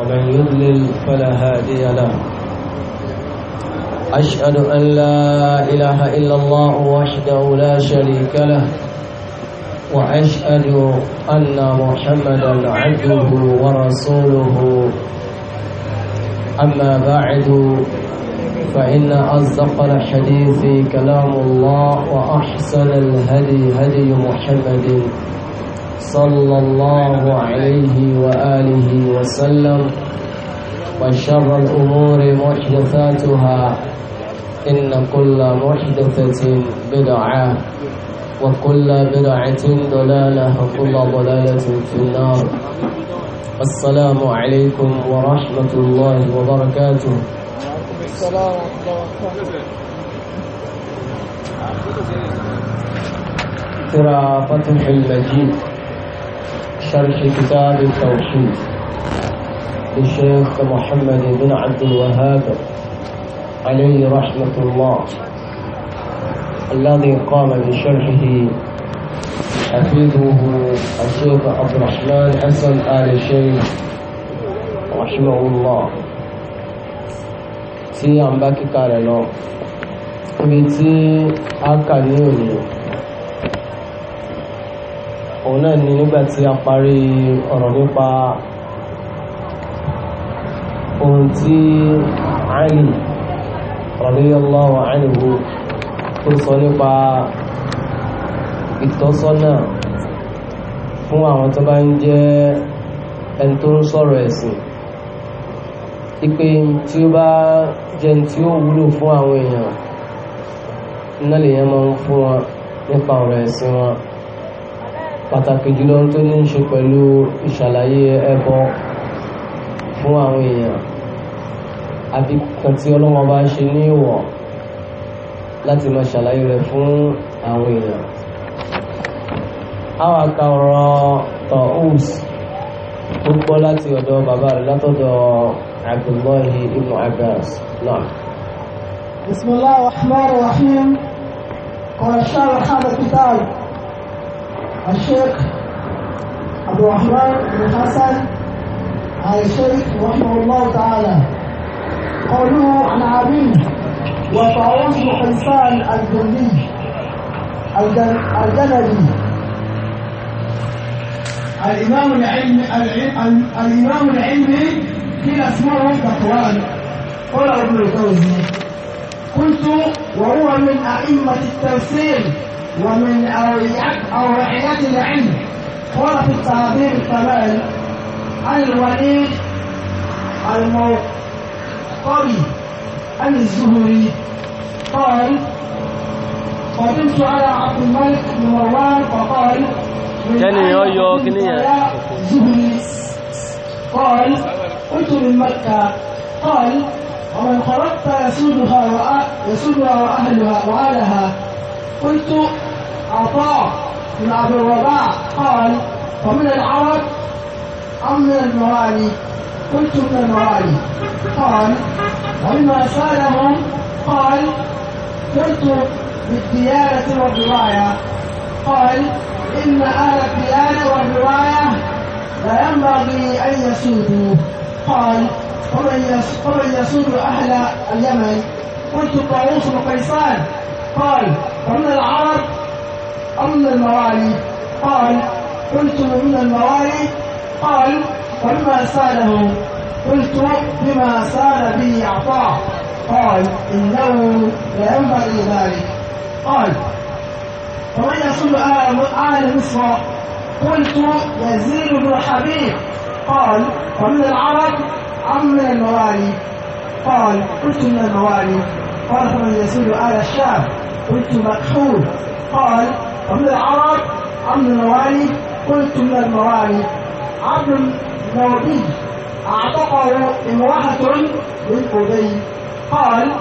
ومن يضلل فلا هادي له أشهد أن لا إله إلا الله وحده لا شريك له وأشهد أن محمدا عبده ورسوله أما بعد فإن أصدق الحديث كلام الله وأحسن الهدي هدي محمد صلى الله عليه وآله وسلم وشر الأمور محدثاتها إن كل محدثة بدعة وكل بدعة ضلالة وكل ضلالة في النار السلام عليكم ورحمة الله وبركاته السلام ترى فتح المجيد شرح كتاب التوحيد للشيخ محمد بن عبد الوهاب عليه رحمة الله الذي قام بشرحه حفيده الشيخ عبد الرحمن حسن آل الشيخ رحمه الله tí à ń bá kíkà rẹ̀ lọ ibi tí a كارلو ba أكاليوني òun náà ni nígbà tí a parí ọ̀rọ̀ nípa ohun tí Ali radiyallahu anhu tó sọ nípa ìtọ́sọ́nà fún àwọn tó bá ń jẹ́ ẹni tó ń sọ̀rọ̀ ẹ̀sìn ipe tí ó bá jẹ́ tí ó wúlò fún àwọn èèyàn náà lèèyàn máa ń fún wọn nípa ọ̀rọ̀ ẹ̀sìn wọn pàtàkì jùlọ tó ní ṣe pẹ̀lú ìṣàlàyé ẹbọ fún àwọn èèyàn àbí kan tí ọlọ́wọ́n bá ṣe ní ìwọ̀ láti máa ṣàlàyé rẹ̀ fún àwọn èèyàn. àwọn àka ọ̀rọ̀ tọ̀hús tó gbọ́ láti ọ̀dọ̀ bàbá rẹ̀ látọ̀dọ̀ Abdullahi ibn Abbas náà. بسم الله الرحمن الرحيم قال الشارع هذا الكتاب الشيخ أبو الرحمن بن حسن على الشيخ رحمه الله تعالى قوله عن عبيد وطاووس بن حسان الجندي الجندي الإمام العلمي الإمام العلمي كلا اسمه تقوان قال ابن الجوزي قلت وهو من أئمة التفسير ومن أوليات أوعية العلم قرة في التعبير الوليد الموقري الزهري قال قدمت على عبد الملك بن مروان فقال كان يا زهري قال قلت من مكة قال ومن خرجت يسودها وأهلها وأهلها قلت عطاء بن عبد الرباع قال ومن العرب أم من الموالي قلت من الموالي قال ولما سالهم قال قلت بالديانة والرواية قال إن أهل الديانة والرواية لا ينبغي أن يسودوا قال ومن يسود أهل اليمن قلت طاووس وقيصان قال ومن العرب أو من الموالي قال قلت من الموالي قال ولما ساله قلت بما سال به أعطاه قال إنه لا ينبغي ذلك قال ومن يصل آل مصر قلت يزيد بن حبيب قال ومن العرب أم من الموالي قال قلت من الموالي قال فمن يزيد آل الشام قلت مكحول قال ومن العرب عبد الموالي قلت من الموالي عبد الموالي أعتقد امرأة من أبي قال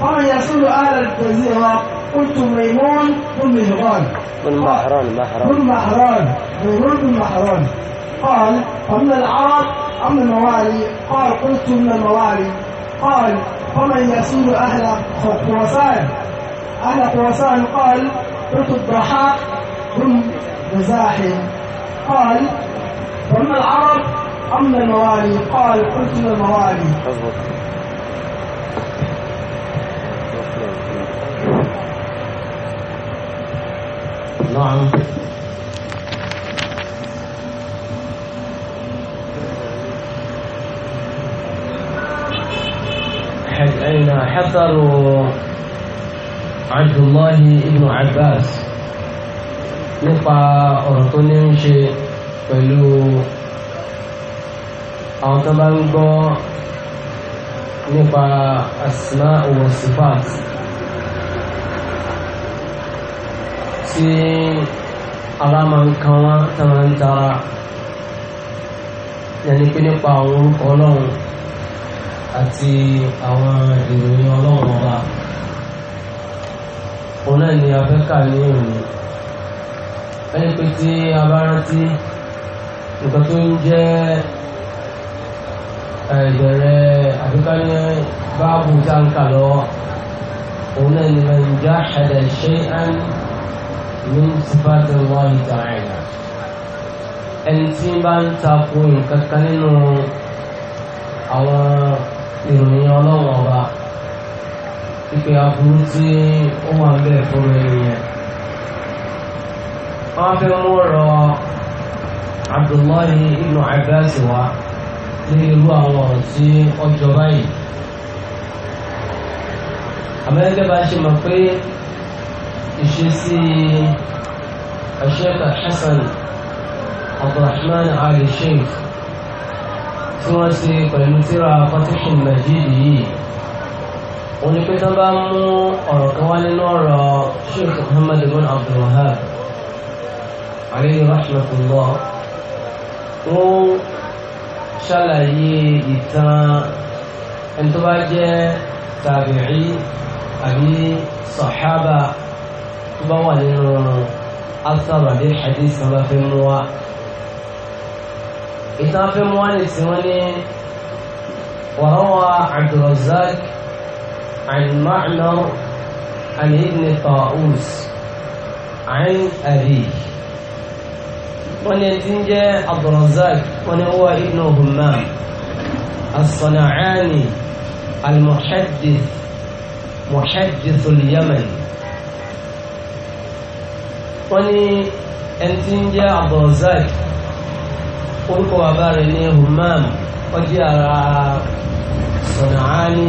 فمن يصل أهل الجزيرة قلت ميمون بن مهران بن مهران بن مهران ميمون بن مهران قال فمن العرب أم الموالي قال قلت من الموالي قال فمن يصل أهل خراسان أهل خراسان قال قلت الضحاك هم مزاحم قال وما العرب أم الموالي قال قلت الموالي نعم حيث أين Abdullahi ibn Abbas nípa ọ̀rọ̀ tó ní ń ṣe pẹ̀lú àwọn tó bá ń gbọ́ nípa asma wa sifat tí ara máa ń kan wá tó máa ń tara yẹni pé nípa àwọn orúkọ ọlọ́run àti àwọn ìròyìn ọlọ́run ọba òun náà ni afẹ́kà ní òní ẹni pé tí a bá rántí nǹkan tó ń jẹ́ ìbẹ̀rẹ̀ àfẹ́kà ní báàbù tá ń kà lọ òun náà ni man jahada shay'an min sifati Allahi ta'ala ẹni tí bá ń takò nǹkan kan nínú àwọn ìròyìn ọlọ́wọ́n ọba ìpè aburú tí ó wà ń bẹ́ẹ̀ fún ènìyàn. wọ́n fi mú ọ̀rọ̀ Abdullahi ibn Abbas wá ní irú àwọn ọ̀rọ̀ tí ọjọ́ báyìí. amẹ́ríkà bá ṣe mọ̀ pé ìṣesí àṣẹ́kà Hasan Abdulrahman Ali Sheikh tí wọ́n ṣe pẹ̀lú tíra Fatihul Majid yìí òun ni pé tán bá mú ọ̀rọ̀ kan wá nínú ọ̀rọ̀ sheikh muhammad ibn abdul wahab alayhi rahmatullah wọ́n ṣàlàyé ìtàn ẹni tó bá jẹ́ tàbíì àbí sàhábà tó bá wà nínú asàrò hadith tó bá fẹ́ mú wá ìtàn fẹ́ mú wá nìsí wọ́n ní وروى عبد عن معمر عن ابن طاووس عن أبيه ونتنجى عبد الرزاق وهو ابن همام الصنعاني المحدث محدث اليمن وني أنتنجى عبد الرزاق orúkọ bàbá rẹ̀ ní humam ó jẹ́ ara sọ̀nàání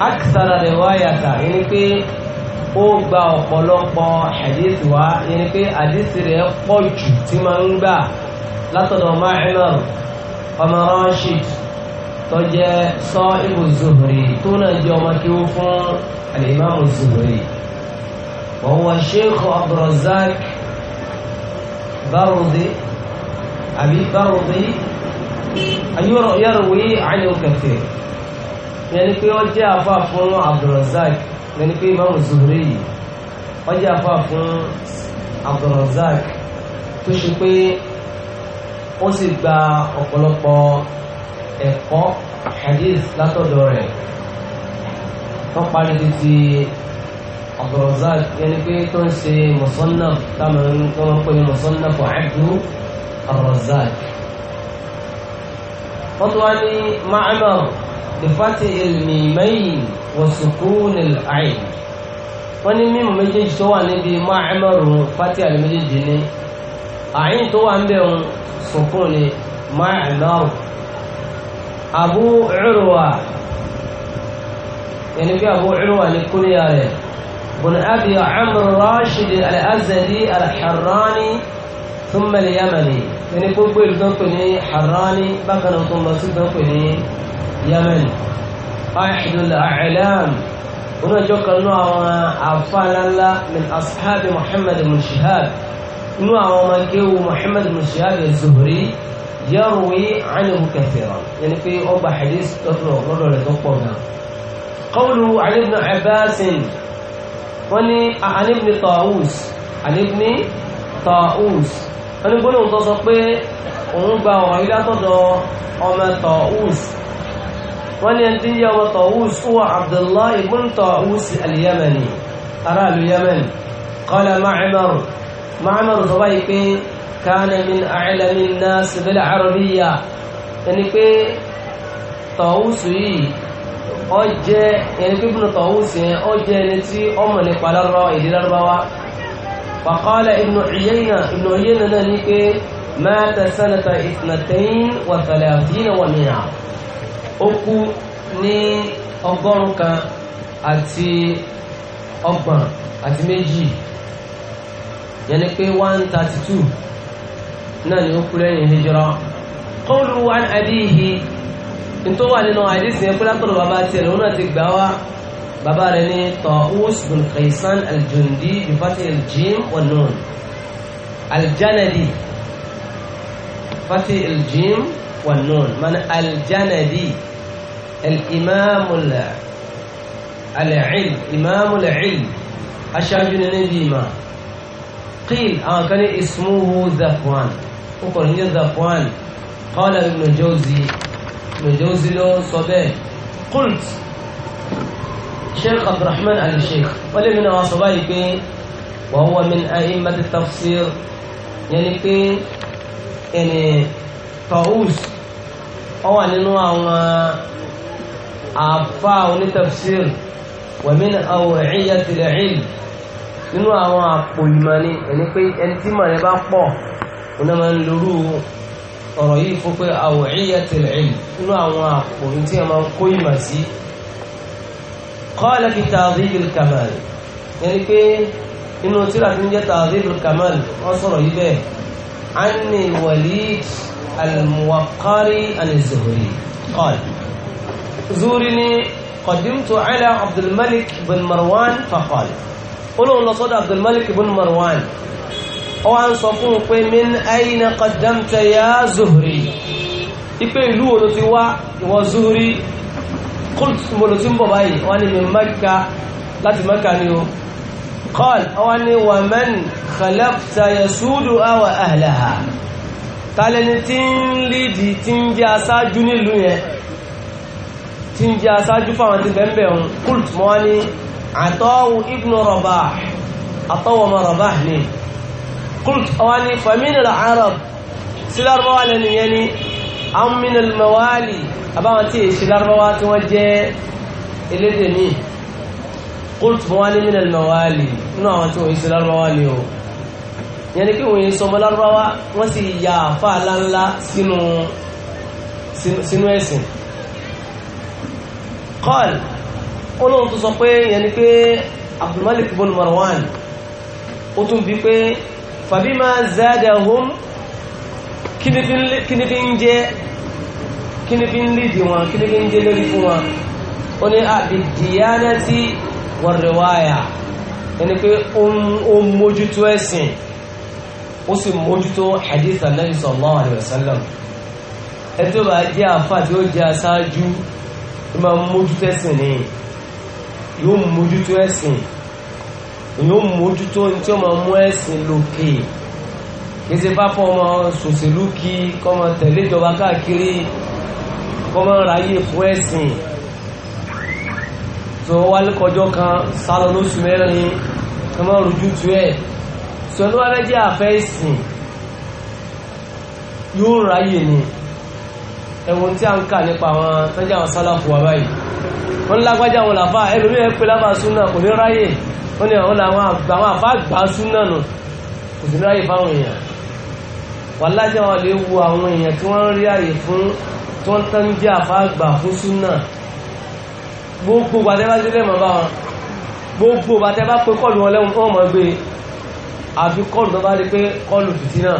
akitara rẹ̀ wá yàtà yẹn ni pé ó gba ọ̀pọ̀lọpọ̀ hadith wá yẹn ni pé hadith rẹ̀ pọ̀ jù tí máa ń gbà látọ̀dọ̀ Ma'mar ọmọ Rashid tó jẹ́ sahibu Zuhri tó náà jẹ́ ọmọ kí ó fún al-Imam Zuhri wa huwa Sheikh Abdurrazzaq برضي أبي برضي يروي عنه كثير yẹn ni pé ó jẹ́ àfà fún Abdulrazak yẹn ni pé Imam Zuhri yìí ó jẹ́ àfà fún Abdulrazak tó ṣe pé ó sì gba ọ̀pọ̀lọpọ̀ ẹ̀kọ́ hadith látọ̀dọ̀ rẹ̀ wọ́n parí títí Abdulrazak yẹn ni pé tó ń ṣe musannaf táwọn ń pè ní musannaf Abdulrazak wọ́n tó wá ní Ma'mar bifati ilmimayi wa sukuni ayi wọ́n ní mímu méjèèjì tó wà níbi máàmẹ́rù fati àlùméjèèjì ni àyìn tó wà ń bẹ̀ ń sukun ni máàmẹ́rù abu urwa yẹni bí abu urwa ni kúnìyà rẹ̀ bùn abi amr rashid al-azadi al-harrani thumma yamani yẹni gbogbo ìlú tó ń pè ní harrani bákan náà tó ń lọ sí tó ń pè ní yemen ahidul a'lam wọn àjọ kan nú àwọn afáàlálá min ashabi muhammad mushihab nú àwọn ọmọ kéwu muhammad mushihab zuhri yarwi anhu kathiran yẹni pé ọgbà hadith lọ́dọ̀ lọ́dọ̀ rẹ̀ tó pọ̀ gan qawlu ali ibn abbas wọ́n ní an ibn tawus an ibn tawus wọ́n ní gbọ́dọ̀ tó sọ pé òun gba ọ̀rọ̀ ilé àtọ̀dọ̀ ọmọ tawus wọ́n ní ẹni tí ń jẹ́ ọmọ tọ̀wús ó wà abdullahi ibn tọ̀wús al-yamani aráàlú yamani qala ma'amaru ma'amaru tó báyìí pé kana min a'lami an-nas bil-arabiyya ẹni pé tọ̀wús yìí ó jẹ́ ẹni pé ibn tọ̀wús yẹn ó jẹ́ ẹni tí ó mọ̀ nípa lọ́rọ̀ èdè lárúbáwá فقال ابن عيينة ابن عيينة نيكي مات سنة اثنتين وثلاثين ومئة ó kú ní ọgọ́rùn kan àti ọgbọ̀n àti méjì yẹn ni pé one thirty two náà ni ó kú lẹ́yìn hijira kọ́ọ̀lù wa ní abíyí nítorí wà nínú àdísìn yẹn kúlẹ̀ tọ̀dọ̀ bàbá tiẹ̀ lòun náà ti gbà wá bàbá rẹ̀ ní Tawus bin Kaysan al-Jundi bi fatih al-jim wa nun والنون من الجندي الإمام العلم إمام العلم أشاجن نديما قيل أن آه، كان اسمه ذكوان وقال هي ذكوان قال ابن جوزي ابن جوزي له صبي قلت شيخ عبد الرحمن علي الشيخ ولمن أصبعي وهو من أئمة التفسير يعني كي يعني طاووس wọ́n wà nínú àwọn àfa onítafsir wa min aw'iyatil ilm nínú àwọn àpò ìmọ̀ ni ẹni pé ẹni tí mọ̀ rẹ bá pọ̀ wọn náà máa ń lorú ọ̀rọ̀ yìí fún pé aw'iyatil ilm nínú àwọn àpò tí a máa ń kó ìmọ̀ sí. qala fi ta'dhibul kamal ẹni pé inú tíra ti ń jẹ́ ta'dhibul kamal wọ́n sọ̀rọ̀ yìí bẹ́ẹ̀ الموقري عن الزهري قال زورني قدمت على عبد الملك بن مروان فقال قلوا لصد عبد الملك بن مروان او ان صفوك من اين قدمت يا زهري ipe ilu wo lo ti wá ìwọ zuhuri kult mo lo ti ń bọ̀ báyìí wọ́n ní mi mẹ́ka láti mẹ́ka ni o kọ́l wọ́n ní wàmẹ́n khalafta yasudu awa ahlaha tàlẹ́ni tí ń lìdì tí ń jẹ́ aṣáájú nílùú yẹn tí ń jẹ́ aṣáájú fáwọn ti bẹ̀m̀bẹ̀ ọ̀hún kult mọ́ wá ní àtọ́wù ibnu Rabah àtọ́wù ọmọ Rabah ni kult wá ní faminal arab sí lárúbáwá lẹ́nu yẹn ni aminal mawali àbáwọn tí èsì lárúbáwá tí wọ́n jẹ́ elédè míì kult mọ́ ní minal nínú àwọn tí wọ́n èsì lárúbáwá ni o yẹn ni kí wọ́n yẹn sọmọ lárúbáwá wọ́n sì ya àfa aláńlá sínú sínú ẹ̀sìn kọ́ọ̀lù olóhùn tó sọ pé yẹn ni pé abdulmalik bon marwan ó tún bí pé fabima zadahum kíni fi ń jẹ́ kíni fi ń lìdì wọn kíni fi ń jẹ́ lórí fún wọn ó ní àbìdíyánátì ah, wọ̀rẹ̀wáyà ẹni pé ó ń mójútó ẹ̀sìn ó sì mójútó hadith anabi sallallahu alayhi wa sallam ẹ tó bá jẹ́ àfa tí ó jẹ́ aṣáájú ó máa mójútó ẹ̀sìn ni yóò mójútó ẹ̀sìn yóò mójútó ní tí ó máa mú ẹ̀sìn lókè kì í ṣe bá fọ ọmọ sòṣèlú kí kọ́mọ tẹ̀lé ìjọba káàkiri kọ́mọ ráyè fún ẹ̀sìn tó wálé kọjọ́ kan sálọ lóṣù mẹ́rin kọ́mọ rújú tu ẹ̀ sọ ní wọ́n fẹ́ jẹ́ àfẹ́ ìsìn yóò ráyè ni ẹ̀wọ̀n tí a ń kà nípa àwọn tọ́jà àwọn sálàfù wa báyìí wọ́n lágbájá àwọn làfà ẹlòmí ẹ̀ pé lábà súnà kò ní ráyè wọ́n ní àwọn làwọn àfà gbà súnà nù kò sí ráyè fáwọn èèyàn wà lájà wọn lè wo àwọn èèyàn tí wọ́n ń rí àyè fún tí wọ́n tán jẹ́ àfà gbà fún súnà gbogbo bàtẹ́ bá délé mọ̀ bá wọn gbogbo bàtẹ́ bá pé kọ́ọ̀lù àfi kọlù tó bá rí pé kọlù fìtínà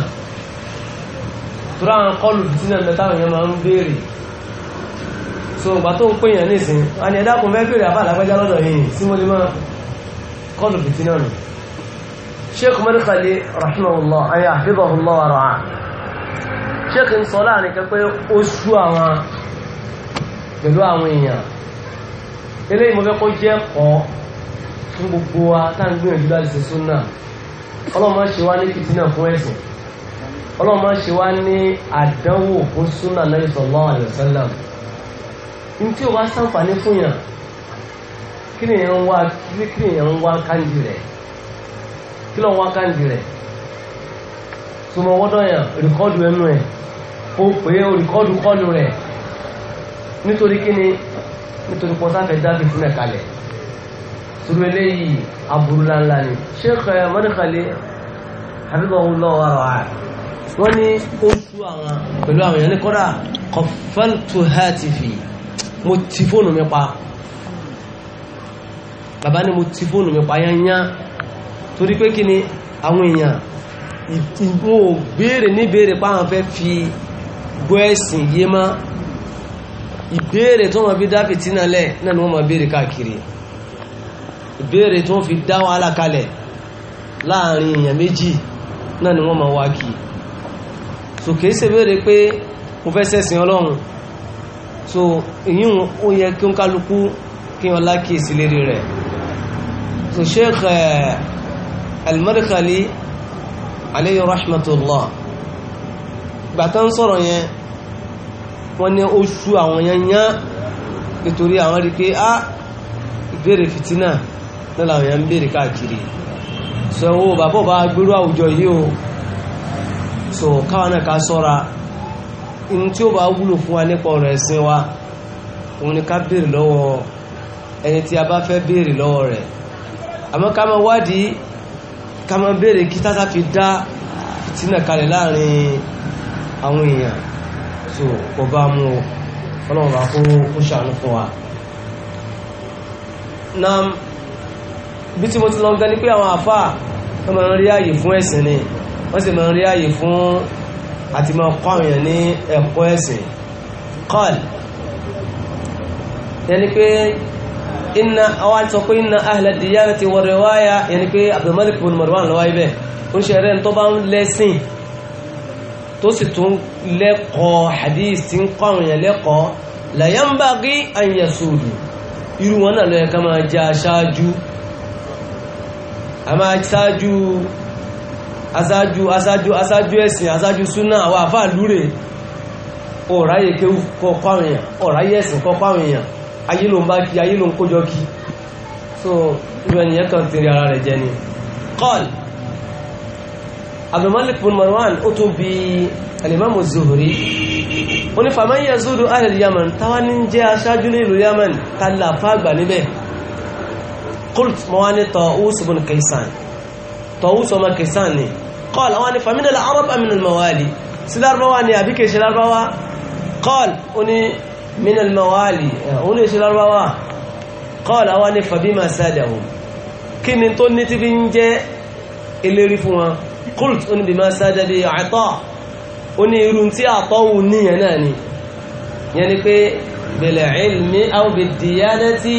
tó ráhàn kọlù fìtínà mẹ́tàwọn èèyàn máa ń béèrè so ìgbà tó ń pèèyàn nísìn a ní ẹ̀dá kun fẹ́ béèrè àbá àlágbájá lọ́dọ̀ yìí sí mo lè máa kọlù fìtínà nù sheikh mẹ́rìkàlì rahimahullah ayé àfihàn ọ̀rọ̀ à sheikh ń sọ láàrin kẹ́pẹ́ ó sú àwọn pẹ̀lú àwọn èèyàn eléyìí mo fẹ́ kó jẹ́ kọ́ fún gbogbo wa táà ń gbìyànjú láti ṣe súnà ọlọ́run máa ń ṣe wá ní fìtínà fún ẹ̀sìn ọlọ́run ṣe wá ní àdánwò fún súnà náà sallallahu alaihi tí o wá sàǹfààní fún yàn kí ni èèyàn ń wá kí ni èèyàn ń wá káńdì rẹ̀ kí ló ń wá káńdì rẹ̀ sọmọ wọ́dọ̀ yàn rìkọ́dù ẹnu ẹ̀ ó pè é rìkọ́dù kọ́dù rẹ̀ nítorí kí ni nítorí pọ́sáfẹ́ dábì fún ẹ̀ kalẹ̀ turu eléyìí aburú ńláńlá ni sheikh eh, mọ́nìkàlẹ́ habibahun lọ́wọ́ ara wa wọ́n ní ó tú àwọn pẹ̀lú àwọn èèyàn ní kọ́dà kọfẹ́lùtù hẹ́tìfì mo ti fóònù mi pa bàbá ni mo ti fóònù mi pa yányá torí pé kí ni àwọn èèyàn ìwò béèrè ní béèrè páwọn fẹ́ fi gbọ́ ẹ̀sìn yé mọ́ ìbéèrè tó wọn fi dá fìtínà lẹ̀ náà ni wọ́n máa béèrè káàkiri ìbéèrè tó fi dá wàhálà kalẹ̀ láàrin èèyàn méjì náà ni wọ́n ma wá kí so kìí ṣe béèrè pé mo fẹ́ sẹ́sìn ọlọ́run so ìyún ó yẹ kí n kálukú kí n ọlá kí èsì lérí rẹ̀ so sheikh eh, al-Madkhali alayhi rahmatullah ń sọ̀rọ̀ yẹn wọ́n ní oṣù àwọn yẹn yán nítorí àwọn rí pé á ah, ìbéèrè fìtínà náà làwọn èèyàn ń béèrè káàkiri so ẹ̀wọ̀n bàbá ò bá gbérú àwùjọ yìí o so káwọn náà ká sọ́ra ohun tí ó bá wúlò fún wa nípa ọ̀rọ̀ ẹ̀sìn wa òun ni ká béèrè lọ́wọ́ ẹni tí a bá fẹ́ béèrè lọ́wọ́ rẹ̀ àmọ́ ká máa wádìí ká máa béèrè kí tátà fi dá fìtínà kalẹ̀ láàrin àwọn èèyàn so kò bá mú o ọlọ́run bá kó ṣàánú fún wa. Nam bí tí mo ti lọ gan ni pé àwọn àfà wọ́n máa ń rí ààyè fún ẹ̀sìn ni wọ́n sì máa ń rí ààyè fún àti máa kọ́ àwọn èèyàn ní ẹ̀kọ́ ẹ̀sìn kọ́ọ̀lì yẹni pé inna àwọn àti sọ pé inna ahlẹ̀ dìyàrá ti wọ̀rẹ̀ wáyà yẹni pé abdulmalik bin marwan lọ́wọ́ ibẹ̀ ó ń ṣe rẹ̀ tó bá ń lẹ́sìn tó sì tún lẹ́kọ̀ọ́ hadith tí ń kọ́ àwọn èèyàn lẹ́kọ̀ọ́ làyẹn bá gí àyẹ̀sùn irú wọn náà lọ́yẹ̀ ká máa jẹ́ aṣáájú a máa ṣáájú aṣáájú aṣáájú aṣáájú ẹ̀sìn aṣáájú súnà àwọn àfà lúre ọ̀ráyè kéwù kọ́kọ́ àwọn èèyàn ọ̀ráyè ẹ̀sìn kọ́kọ́ àwọn èèyàn ayé ló ń bá kí ayé ló ń kójọ kí so ibẹ̀ nìyẹn kan tèrè ara rẹ̀ jẹ bin marwan ó tún bi alimami zuhuri ó ní faman yazudu ahlil yaman táwa ní kult mo wá ní Tawus ibn Kaysan Tawus ọmọ Kaysan ni qala wá ní famina al-arab amina al-mawali sí lárúbáwá ni àbí kèsì lárúbáwá qala ó ní min al-mawali ó ní èsì lárúbáwá qala wá ní fabima sadahum kí ni tó ní ti fi ń jẹ́ eléri fún wọn kult ó ní bima sadadi Ata ó ní irun tí àtọ́wò níyàn náà ni yẹn ni pé bil ilmi aw bid diyanati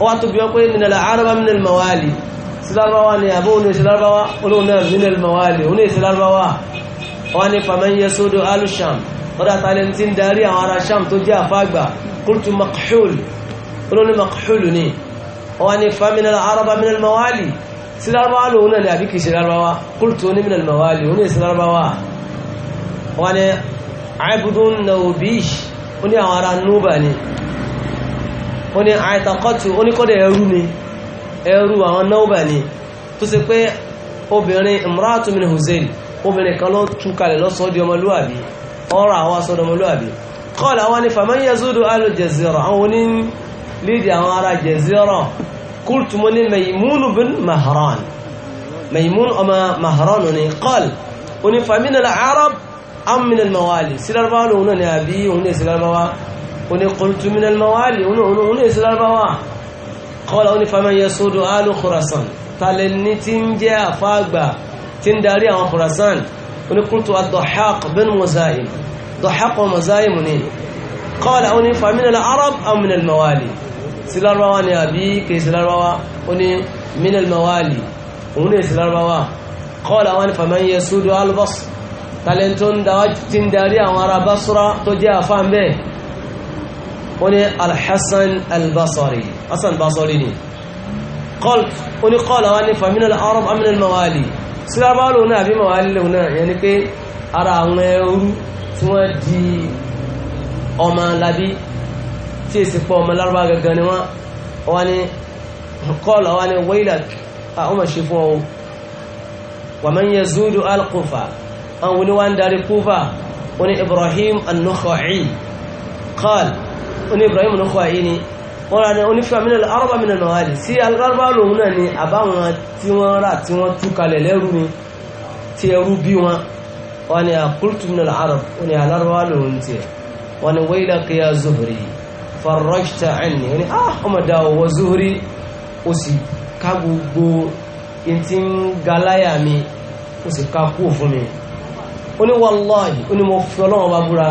ó wá tó bí wọ́n pé minal araba minal mawali sílárúbáwá ni àbó òun ìsìlárúbáwá olóhùn náà minal mawali òun ìsìlárúbáwá wọ́n ní faman yasudu alusham ọ̀dá tààlẹ̀ tí ń darí àwọn ará sham tó jẹ́ àfágbà qultu makhul olóhùn makhul ní faminal araba minal mawali sílárúbáwá lòun ni àbí kìí sílárúbáwá qultu ní mawali òun ìsìlárúbáwá wọ́n ní abdun nawbish ó ní àwọn ará núbà ni ó ní àìtàkọ́tù ó ní kọ́dẹ̀ ẹrú ni ẹrú àwọn náwọ́bà ni tó ṣe pé obìnrin imratu min huzayl obìnrin kan ló túkalẹ̀ lọ́sọ́ di ọmọlúwàbí ọ̀rọ̀ àwọn aṣọ ọmọlúwàbí kọ́ọ̀lá wọn ni faman yazudu alu jazira àwọn oní lídì àwọn ará jazira qultu mo ní maimunu bin mahran maimun ọmọ mahran ni kọ́ọ̀l oní famin al arab mawali sílárabáwá lòun náà ni àbí òun ní sílárabáwá oní qultu minal mawali oní èsì lárúbáwá kọ́lá oní faman yasudu alu khurasan talẹ̀ ní ti ń jẹ́ àfáàgbà tí ń darí àwọn khurasan oní qultu ad-Dahhaq bin Muzahim Dahhaq wa Muzahim ní kọ́lá oní faminal arab am minal mawali sí lárúbáwá ni àbí kì í sí lárúbáwá oní minal mawali òun èsì lárúbáwá kọ́lá wọn ni faman yasudu al-Basr talẹ̀ tó ń darí àwọn ará Basra tó jẹ́ àfáà wọ́n ní alhassan albasari hassan basari ni ó ní kọ́lá wá ní famina arab aminal mawali sílábá lòun náà àbí mawali lòun náà yẹn ni pé ara àwọn ẹrú tí wọ́n di ọmọ labi tí èsì pọ̀ ọmọ lárúbá gangan ni wọ́n wá ní kọ́lá wá ní wailak àwọn ọmọ ṣe fún ọ wàmán yẹ zúdù alkufa àwọn oníwà ń darí kúfà ó ní ibrahim annukha'i qala oní Ibrahim ló kọ àyè ni wọ́n ra ní onífẹ́ amínàlẹ̀ arọ́bà mìíràn àlè sí alárọ́bà lòun náà ni àbáwọn tí wọ́n rà tí wọ́n tú kalẹ̀ lẹ́rú ni tí ẹrú bí wọn wọ́n ni àkúrútù mìíràn arọ́b wọ́n ni alárọ́bà lòun tiẹ̀ wọ́n ni wẹ́yìlá kẹyà Zuhri farajta ẹni wọ́n ni ah ọmọ dà wọ́ Zuhri ó sì ká gbogbo ntí ń galáyà mi ó sì ká kú fún mi ó ní wallahi mo fi ọlọ́wọ́n bá búra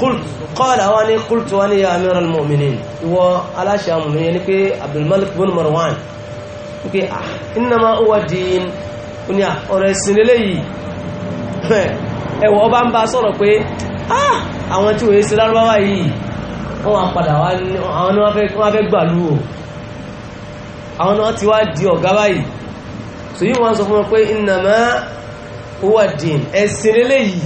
kọ́ọ̀lá wá ní kúlùtù wá ní ya amiral mu'minin ìwọ aláṣẹ amòmìnì ní pé abdulmalik bin marwan ní pé innama huwa din ní ah, ọ̀rọ̀ ẹ̀sìn lélẹ̀ yìí ẹwọ ọba ń bá sọ̀rọ̀ pé ah, àwọn tí wòye sí lárúbáwá yìí wọ́n wá padà wá àwọn wọ́n fẹ́ o àwọn náà ti wá di ọ̀gá báyìí so yíò wọ́n sọ fún wọn pé innama huwa din ẹ̀sìn lélẹ̀ yìí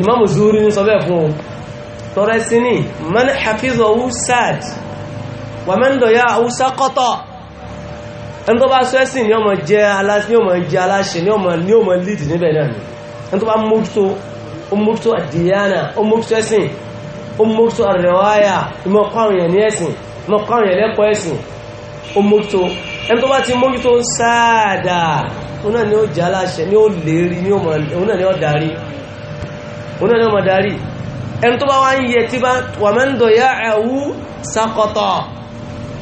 Imam Zuhri ní sọ bẹ́ẹ̀ fún o tọrẹ sí ní man hafidhahu sad wa man daya'ahu saqata ẹni tó bá sọ ẹ̀sìn ni ọmọ jẹ́ aláṣẹ ni ọmọ lead níbẹ̀ náà ni ẹni tó bá mójútó ó mójútó àdìyànà ó mójútó ẹ̀sìn ó mójútó àrẹwáyà ìmọ̀ kọ́rin ẹ̀ ní ẹ̀sìn ìmọ̀ kọ́rin ẹ̀ oní ọ̀nà mọ̀dárí ẹni tó bá wá ń yẹ tí bá wà mẹ́ ń dọ̀yá ẹ̀wú sakọ̀tọ̀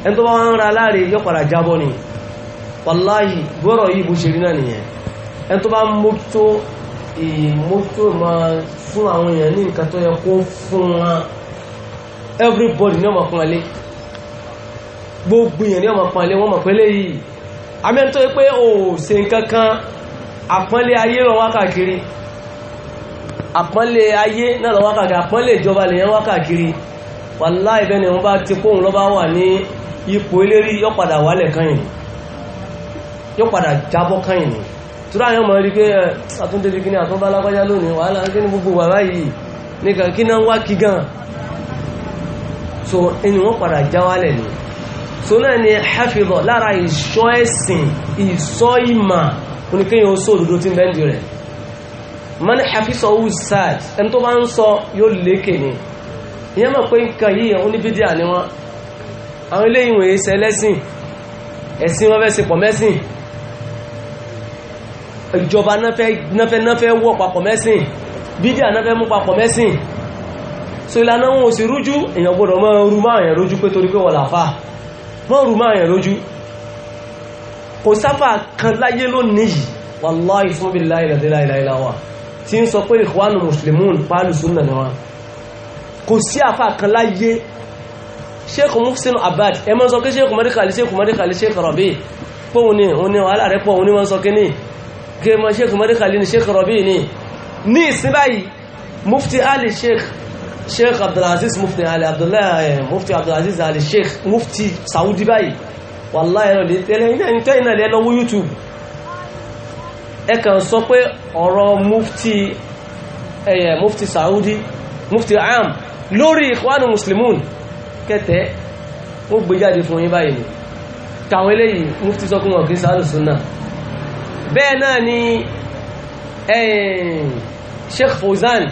ẹni tó bá wá ń ra láre yóò padà jábọ́ ni wàláhì gbọ́rọ̀ yìí bó ṣe rí náà nìyẹn ẹni tó bá ń mójútó ìmójútó máa fún àwọn èèyàn ní nǹkan tó yẹ kó fún wọn everybody ní ọmọ pọnlé gbogbo èèyàn ní ọmọ pọnlé wọn mọ̀ pé léyìí àmì ẹni tó yẹ pé ò ṣe nǹkan kan àpọ́nlé ayé lọ wákàkiri àpọ́nlé ayé náà lọ́wọ́ kàkiri àpọ́nlé ìjọba lèyàn wá kàkiri wàláì bẹ́ẹ̀ ni wọ́n bá ti kóhun lọ́ba wà ní ipò eléri yóò padà wálẹ̀ kányìn yóò padà jábọ́ kányìn ni tura yóò mọ̀ rí pé eh, àtúndé bí kíní àtúndé alágbájá lónìí wàhálà kí ni gbogbo wàhálà yìí nìkan kí náà wá kí gan so ẹni wọ́n padà já wálẹ̀ ni so náà ni hafidọ̀ lára ìṣọ́ ẹ̀sìn ìṣọ́ ìmà oníkéyìn oṣù òdodo ti ń rẹ̀ man hafiz owu sad ẹni tó bá ń sọ yóò lékè ni ìyẹn mọ̀ pé nǹkan yìí ẹ̀hún níbi díà ni wọ́n àwọn eléyìí wọ̀nyí ṣe ẹlẹ́sìn ẹ̀sìn wọn fẹ́ ṣe pọ̀ mẹ́sìn ìjọba náfẹ́ náfẹ́ wọ̀ papọ̀ mẹ́sìn bídíà náfẹ́ mú papọ̀ mẹ́sìn so ìlànà wọn ò sì rújú èèyàn gbọ́dọ̀ mọ́ rú máa yẹn rújú pé torí pé wọ́n làfà mọ́ rú máa yẹn rújú kò sáfà kan láyé lónìí yìí wallahi fún bí láìláìláìláìláwà tí ń sọ pé ìkwánu muslimun pàálù súnà náà kò sí àfà kan láyé sheikh mufsin abad ẹ mọ́ sọ pé sheikh mọ́díkàlì sheikh mọ́díkàlì sheikh rabi pọ́wọ́n ni òun ni wàhálà rẹ̀ pọ̀ òun ni wọ́n sọ kí ní kí mọ́ sheikh mọ́díkàlì ni sheikh rabi ni ní ìsìn báyìí mufti ali sheikh sheikh abdulaziz mufti eh, ẹkàn sọ pé ọ̀rọ̀ mufti ẹ̀yẹ mufti saudi mufti am lórí ikhwanu muslimun kẹtẹ ó gbé jáde fún yín báyìí ni tàwọn eléyìí mufti sọ fún ọ̀gbìn sáàlù sunna bẹ́ẹ̀ náà ni sheikh fozan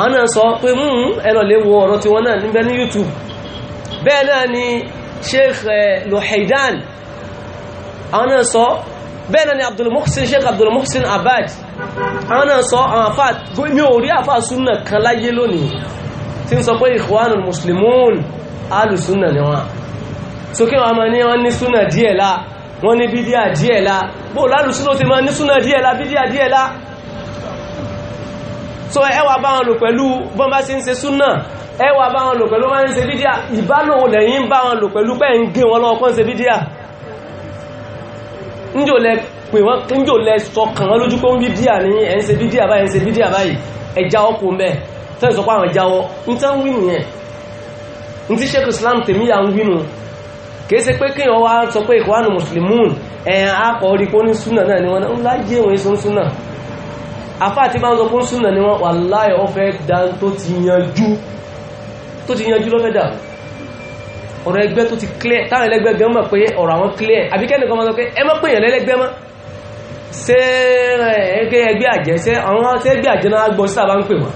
àwọn náà sọ pé mú hmm, ẹlọ lè wo ọ̀rọ̀ tí wọ́n náà níbẹ̀ ní youtube bẹ́ẹ̀ náà ni sheikh luhaidan àwọn náà sọ bẹ́ẹ̀ náà ni Abdul Muhsin Sheikh Abdul Muhsin Abad àwọn náà sọ àwọn àfà mi ò rí àfà súnà kan láyé lónìí tí ń sọ pé Ikhwanul Muslimun alùsúnà ni wọn sókè wọn máa ní wọn ní súnà díẹ̀ la wọ́n ní bídíà díẹ̀ la bó lálùsúnà ti máa ní súnà díẹ̀ la bídíà díẹ̀ la so ẹwà bá wọn lò pẹ̀lú bọ́n bá sí ń ṣe súnà ẹwà bá wọn lò pẹ̀lú wọn ń ṣe bídíà ìbálòwò lẹ́yìn bá wọn lò pẹ̀lú pẹ́ ń gé wọn lọ́wọ́ pọ́n ṣe bídíà níjò lẹ pè wọ́n níjò lẹ sọkàn wọ́n lójú pé ń bí díà ní ẹ̀ ń ṣe bí díà báyìí ẹ̀ ń ṣe bí díà báyìí ẹ̀ jáwọ́ kó mẹ́ tẹ́lẹ̀ sọ pé àwọn jáwọ́ ń tẹ́ ń wí nìyẹn ń tí sheikh islam tèmi yà ń wí nù kìí ṣe pé kéèyàn wá sọ pé ìkọ́wánu mùsùlùmùn ẹ̀ akọ̀ orí kó ní súnà náà ni wọ́n ń láyé wọn èso ń súnà àfáà tí bá sọ pé ń súnà ni wọ́n wà láyé ọ dá tó ti yanjú tó ti yanjú lọ́fẹ́ dàrú ọ̀rọ̀ ẹgbẹ́ tó ti clear táwọn ẹlẹ́gbẹ́ gan mọ̀ pé ọ̀rọ̀ àwọn clear àbí kẹ́nìkan máa sọ pé ẹ má pè yàn lẹ́lẹ́gbẹ́ mọ́ ṣé ẹgbẹ́ ẹgbẹ́ àjẹ́ ṣé àwọn ṣé ẹgbẹ́ àjẹ́ náà gbọ́ sí àbá ń pè wọ́n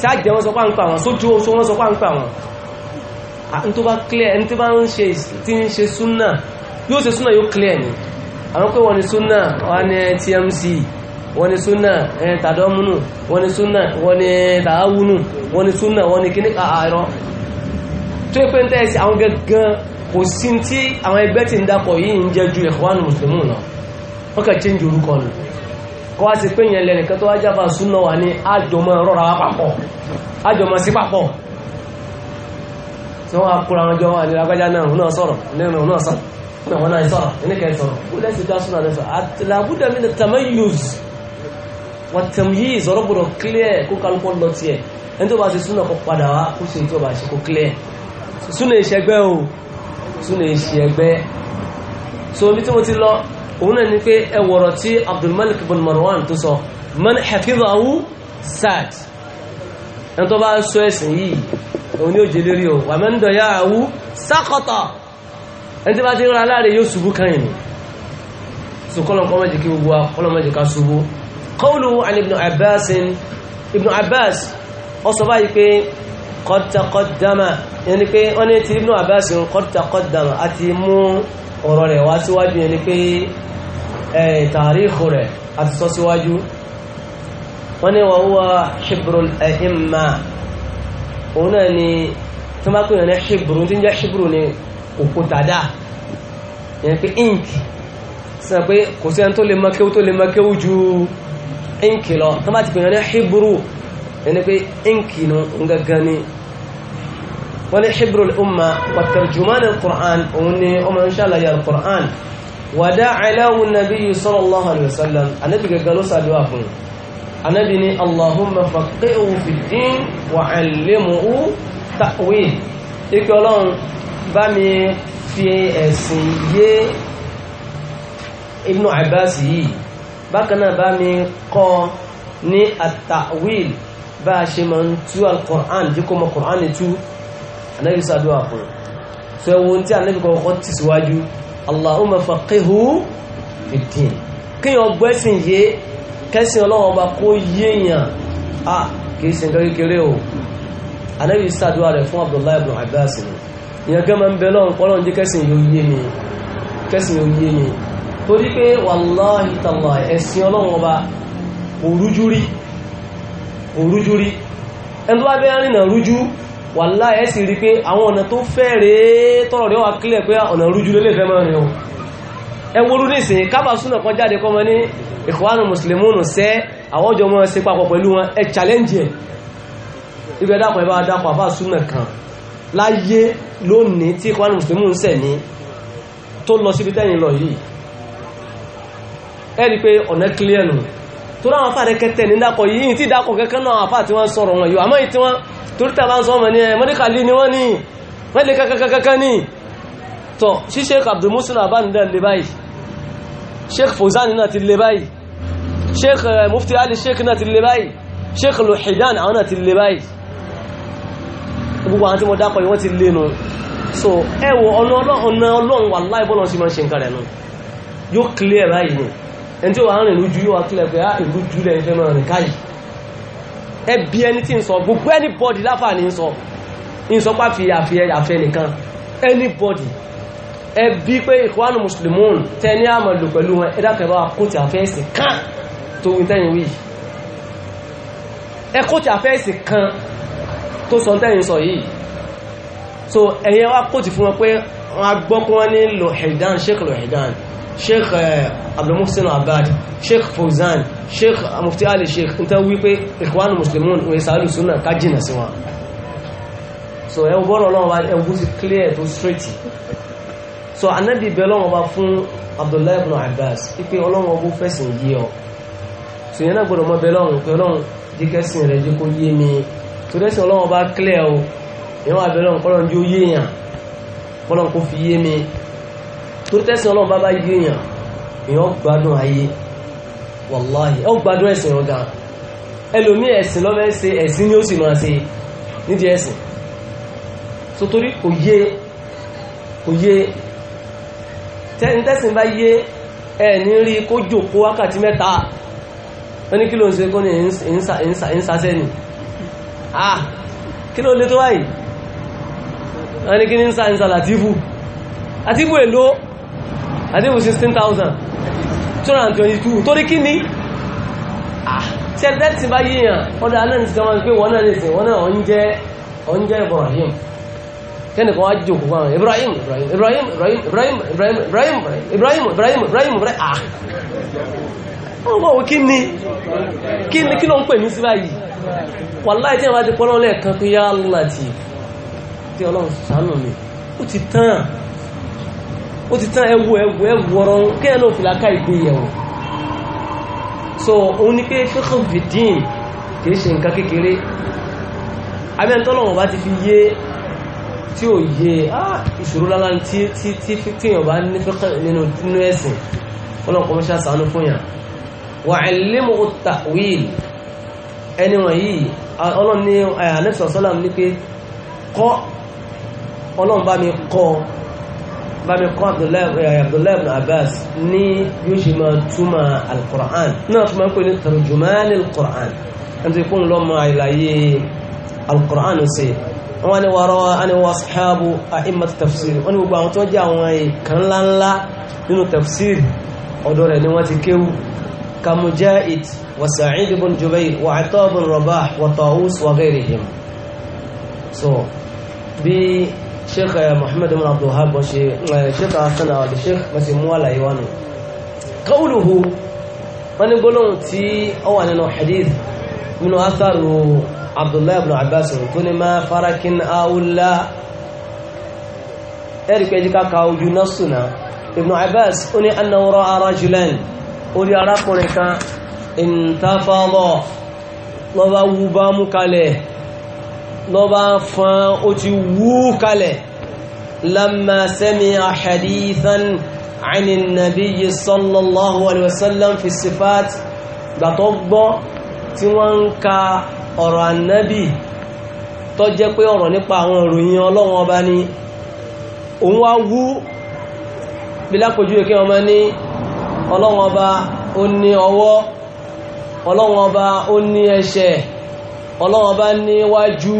ṣé àjẹ́ wọn sọ pé à ń pa àwọn sójú oṣù wọn sọ pé à ń pa àwọn n tó bá clear ẹni tí bá ń ṣe tí ń ṣe súnà yóò ṣe súnà yóò clear ni àwọn pé wọ́n ni súnà wọ́n ni TMC wọ́n ni súnà tàdọ́múnù wọ́n ni súnà wọ́n ni tàáwúnù wọ́n ni súnà wọ́n ni kíníkà àárọ̀ tó yẹ pé ń tẹ́ẹ̀sì àwọn gangan kò sí tí àwọn ẹgbẹ́ tí ń dapọ̀ yìí ń jẹ́ ju Ikhwanul Muslimun náà wọ́n kà change orúkọ nù kọ́ wá sí pé yẹn lẹ́nìkan tó wá jábà súnà wà ní àjọmọ́ rọra wá papọ̀ àjọmọ́ sí papọ̀ tí wọ́n á kóra wọn jọ wà ní agbájá náà òun náà sọ̀rọ̀ lẹ́nu òun náà sọ̀rọ̀ náà wọ́n náà sọ̀rọ̀ ẹnìkan sọ̀rọ̀ ó lẹ́sì dá clear kó kálukọ́ lọ tiẹ̀ ẹni tó bá ti súnà kó padà wá clear súnà ìṣẹ́gbẹ́ o súnà ìṣẹ́gbẹ́ so omi tí mo ti lọ òun náà ni pé ẹ wọ̀rọ̀ tí Abdulmalik bin Marwan tó sọ man hafizahu sad ẹni tó bá sọ ẹ̀sìn yìí òun ni ó jẹ o wà man dayahu saqata ẹni tí bá ti rán aláàrẹ yóò ṣubú kanyìn ni so kọ́lọ̀kọ́ mẹ́jì kí gbogbo kọ́lọ̀ mẹ́jì ká ṣubú qawlu an ibn Abbas ibn Abbas ó sọ báyìí pé qad taqaddama yẹn ni pé wọ́n ní ti Ibn Abbas ń qad taqaddama a ti mú ọ̀rọ̀ rẹ̀ wá síwájú yẹn ni pé tàríkù rẹ̀ a ti sọ síwájú wọ́n ní wa huwa hibrul a'imma òun náà ni tí wọ́n bá pè ní ṣíbrù tí ń jẹ́ ṣíbrù ni pé ink sọ pé kò sí ẹni tó lè mọ́kéwú tó lè mọ́kéwú ju ink lọ tí wọ́n ti pè ní ṣíbrù yẹn pé ink nù ń gangan ni wani hibrul umma watarjumanin qur'an òun ni ọmọ ń ṣàlàyé alqur'an wàdá àìláwù nabi sallallahu alaihi wasallam anabi gẹ́gẹ́ ló sàdúwà fún anabi ni allahumma faqihu fi din wa allimuhu ta'wil ike ọlọ́run bá mi fi ẹ̀sìn yé ibnu abbas yìí bákan náà bá mi kọ́ ní at-ta'wil bá a ṣe máa alqur'an díkọ́ mọ́ qur'an tú anábì sàdúwà fún so ẹwọ́n tí anábì kọ́kọ́ ti síwájú Allahumma faqihu fid-din kí yàn gbẹ́sìn yé kẹ́sìn ọlọ́wọ́n bá kó yéèyàn a kìí sin nǹkan kékeré o anábì sàdúwà rẹ̀ fún Abdullahi ibn Abbas ni ìyẹn gẹ́ máa ń bẹ lọ́run kọ́lọ́run jẹ́ kẹ́sìn yóò yé ẹni tó bá bẹ́ẹ̀ rìnà rújú wàlá ẹ̀ sì rí pé àwọn ọ̀nà tó fẹ́rẹ̀ tọ́rọ̀ rẹ̀ wà kílẹ̀ pé ọ̀nà rújú lélẹ̀ fẹ́ máa rìn o ẹwọ́rú nìsìn kábà súnà kan jáde kọ́ mọ́ ní ìkọ̀wánu mùsùlùmí sẹ́ àwọn ọjọ́ mọ́ sí papọ̀ pẹ̀lú wọn ẹ challenge ẹ̀ ibẹ̀ dàpọ̀ ẹ bá dàpọ̀ àbá súnà kan láyé lónìí tí ìkọ̀wánu mùsùlùmí sẹ̀ ní tó lọ síbi tẹ́yìn lọ yìí ẹ rí pé ọ̀nà clear nù tó ráwọn afá rẹ̀kẹ́tẹ̀ ní dákọ̀ yìí tí dákọ̀ kẹ́kẹ́ náà afá tí wọ́n sọ̀rọ̀ wọn yóò àmọ́ ìtí wọ́n torí tàbá ń sọ ọmọ ní ẹ̀ mọ́díkàlì ni wọ́n ní wọ́n lè kẹ́kẹ́kẹ́kẹ́ ní tọ̀ sí Sheikh Abdul Muhsin Albani lè báyìí Sheikh Fawzan náà ti lè báyìí Sheikh eh, Mufti Ali Sheikh náà ti lè báyìí Sheikh Luhidan àwọn náà ti lè báyìí gbogbo àwọn tí mo dákọ̀ yìí wọ́n ti lè nù so ẹwọ ọ̀nà ọlọ́run wà láìbọ́lọ́ sí máa ń ṣe nǹkan rẹ̀ nù yóò clear báyìí ẹni tí ó wà ń rìn lójú yóò wá kílẹ̀ pé á ah, ìlú júlẹ̀ ìfẹ́ máa rìn káyì ẹbí ẹni tí ń sọ gbogbo anybody láfà ní ń sọ ń sọ pàfi àfẹ́ àfẹ́ nìkan anybody ẹbí pé ìkwánu mùsùlùmùn tẹni àmà lò pẹ̀lú wọn ẹ̀dàkẹ̀bá kóòtì àfẹ́ẹ̀sì kan tó wí tẹ́yìn wí ẹ kóòtì àfẹ́ẹ̀sì kan tó sọ tẹ́yìn sọ yìí so ẹ̀yẹn wá kóòtì fún wọn pé wọn agbọ́n kí wọ́n ní lòhìdán sheikh lòhìdán sheikh eh, abdulmuhsin abad sheikh fawzan sheikh mufti ali sheikh n ta wípé ikhwanu muslimun wọ́n sàárù súnà ká sí wọn so ẹwọ bọ́rọ̀ ọlọ́wọ́ bá ẹwọ sí clear to straight so anabi bẹ ọlọ́wọ́ bá fún abdullahi ibn abbas pípé ọlọ́wọ́ bó fẹ̀sìn yí ọ so yẹn náà gbọdọ̀ mọ́ bẹ lọ́wọ́ pé ọlọ́wọ́ jíkẹ́sìn rẹ̀ jí kó yé mi tó dẹ́sìn ọlọ́wọ́ bá clear o ìyẹn wà bẹ lọ́wọ́ kọ́lọ́ torí tẹ́sí ọlọ́run bá bá yé èèyàn èèyàn gbádùn ayé wàláhì ó gbádùn ẹ̀sìn yàn gan ẹlòmí ẹ̀sìn lọ́mọ ẹ̀sìn ẹ̀sìn ni ó sì máa ṣe nídìí ẹ̀sìn so torí kò yé kò yé tẹ́sìn bá yé ẹ̀ ní rí kó jòkó wákàtí mẹ́ta wọ́n ní kí ló ń ṣe kó ní ìsàṣẹ́ ah kí ló lè tó wáyìí wọ́n ní kí ní ń sa ìsàlàtífù àtífù èlò àdéhùn 16,222 torí kí ni tí ẹ̀dẹ́tì bá yíyàn ọdá náà ní sọmọ́ pé wọ́n náà lè sìn wọ́n náà oúnjẹ oúnjẹ Ibrahim kẹ́nìkan wá jù òkú fáwọn Ibrahim Ibrahim Ibrahim Ibrahim Ibrahim Ibrahim Ibrahim Ibrahim Ibrahim Ibrahim ah ọmọ òwò kí ni kí ni kí ló ń pè ní sí báyìí wàláhì tí wọ́n bá ti pọ́nlọ́lẹ̀ kan pé yá láti tí Ọlọ́run sànù mi ó ti tán ó ti tán ẹwù ẹwù ẹwù ọ̀rọ̀ kí ẹ náà fi so òun ni pé fíkọ̀ fìdín kìí ṣe nǹkan kékeré abẹ́ntọ́lọ́wọ̀n bá ti fi yé tí ò yé ìṣòro lálá tí tí tí fíkìyàn bá ní fíkọ̀ nínú ẹ̀sìn ọlọ́nkọ́ mọ́ṣá sànú fún yàn wà ẹ̀lẹ́mọ̀ tàwíl ẹni wọ̀nyí ọlọ́ni àyànẹ́sọ̀sọ́làm ní pé kọ́ ọlọ́mbá mi kọ́ bami kọ́ abdullahi ibn abbas ní yóò ṣe máa túmọ̀ alukur'an náà tún máa ń pè ní tarjumani alukur'an ẹni tó kún lọ́mọ àìláyé alukur'an ṣe wọ́n ni wàrọ́ wani wọ́n sàábù àìmọ̀tí tafsir wọ́n ni gbogbo àwọn tó jẹ́ àwọn ìkan ńláńlá nínú tafsir ọ̀dọ̀ rẹ̀ ni wọ́n ti kéwù كمجاهد وسعيد بن جبير وعطاء بن رباح وطاووس وغيرهم so bí sheikh eh, muhammad ibn abdul wahab bó ṣe eh, sheikh hasan awadi sheikh bó ṣe mú àlàyé wa nù qawluhu wọn ní gbólóhùn tí ó wà nínú hadith nínú atharu abdullahi ibn abbas tó ní ma farakin awula ẹ̀rí pé jíká ka ojú náà sùnà ibn abbas ó ní ra'a rajulan orí arákùnrin kan intafada lọ́ba wú bá lọ bá fán ó ti wú kalẹ̀ lamma sami'a hadithan ani nabiyyi sallallahu alaihi wasallam fi sifat gbàtọ́ gbọ́ tí wọ́n ń ka ọ̀rọ̀ annabi tó jẹ́ pé ọ̀rọ̀ nípa àwọn ìròyìn ọlọ́wọ́n ọba ni òun wá wú bí lápòjú èké ọmọ ní ọlọ́wọ́n ọba ó ní ọwọ́ ọlọ́wọ́n ọba ó ní ẹsẹ̀ ọlọ́wọ́n bá níwájú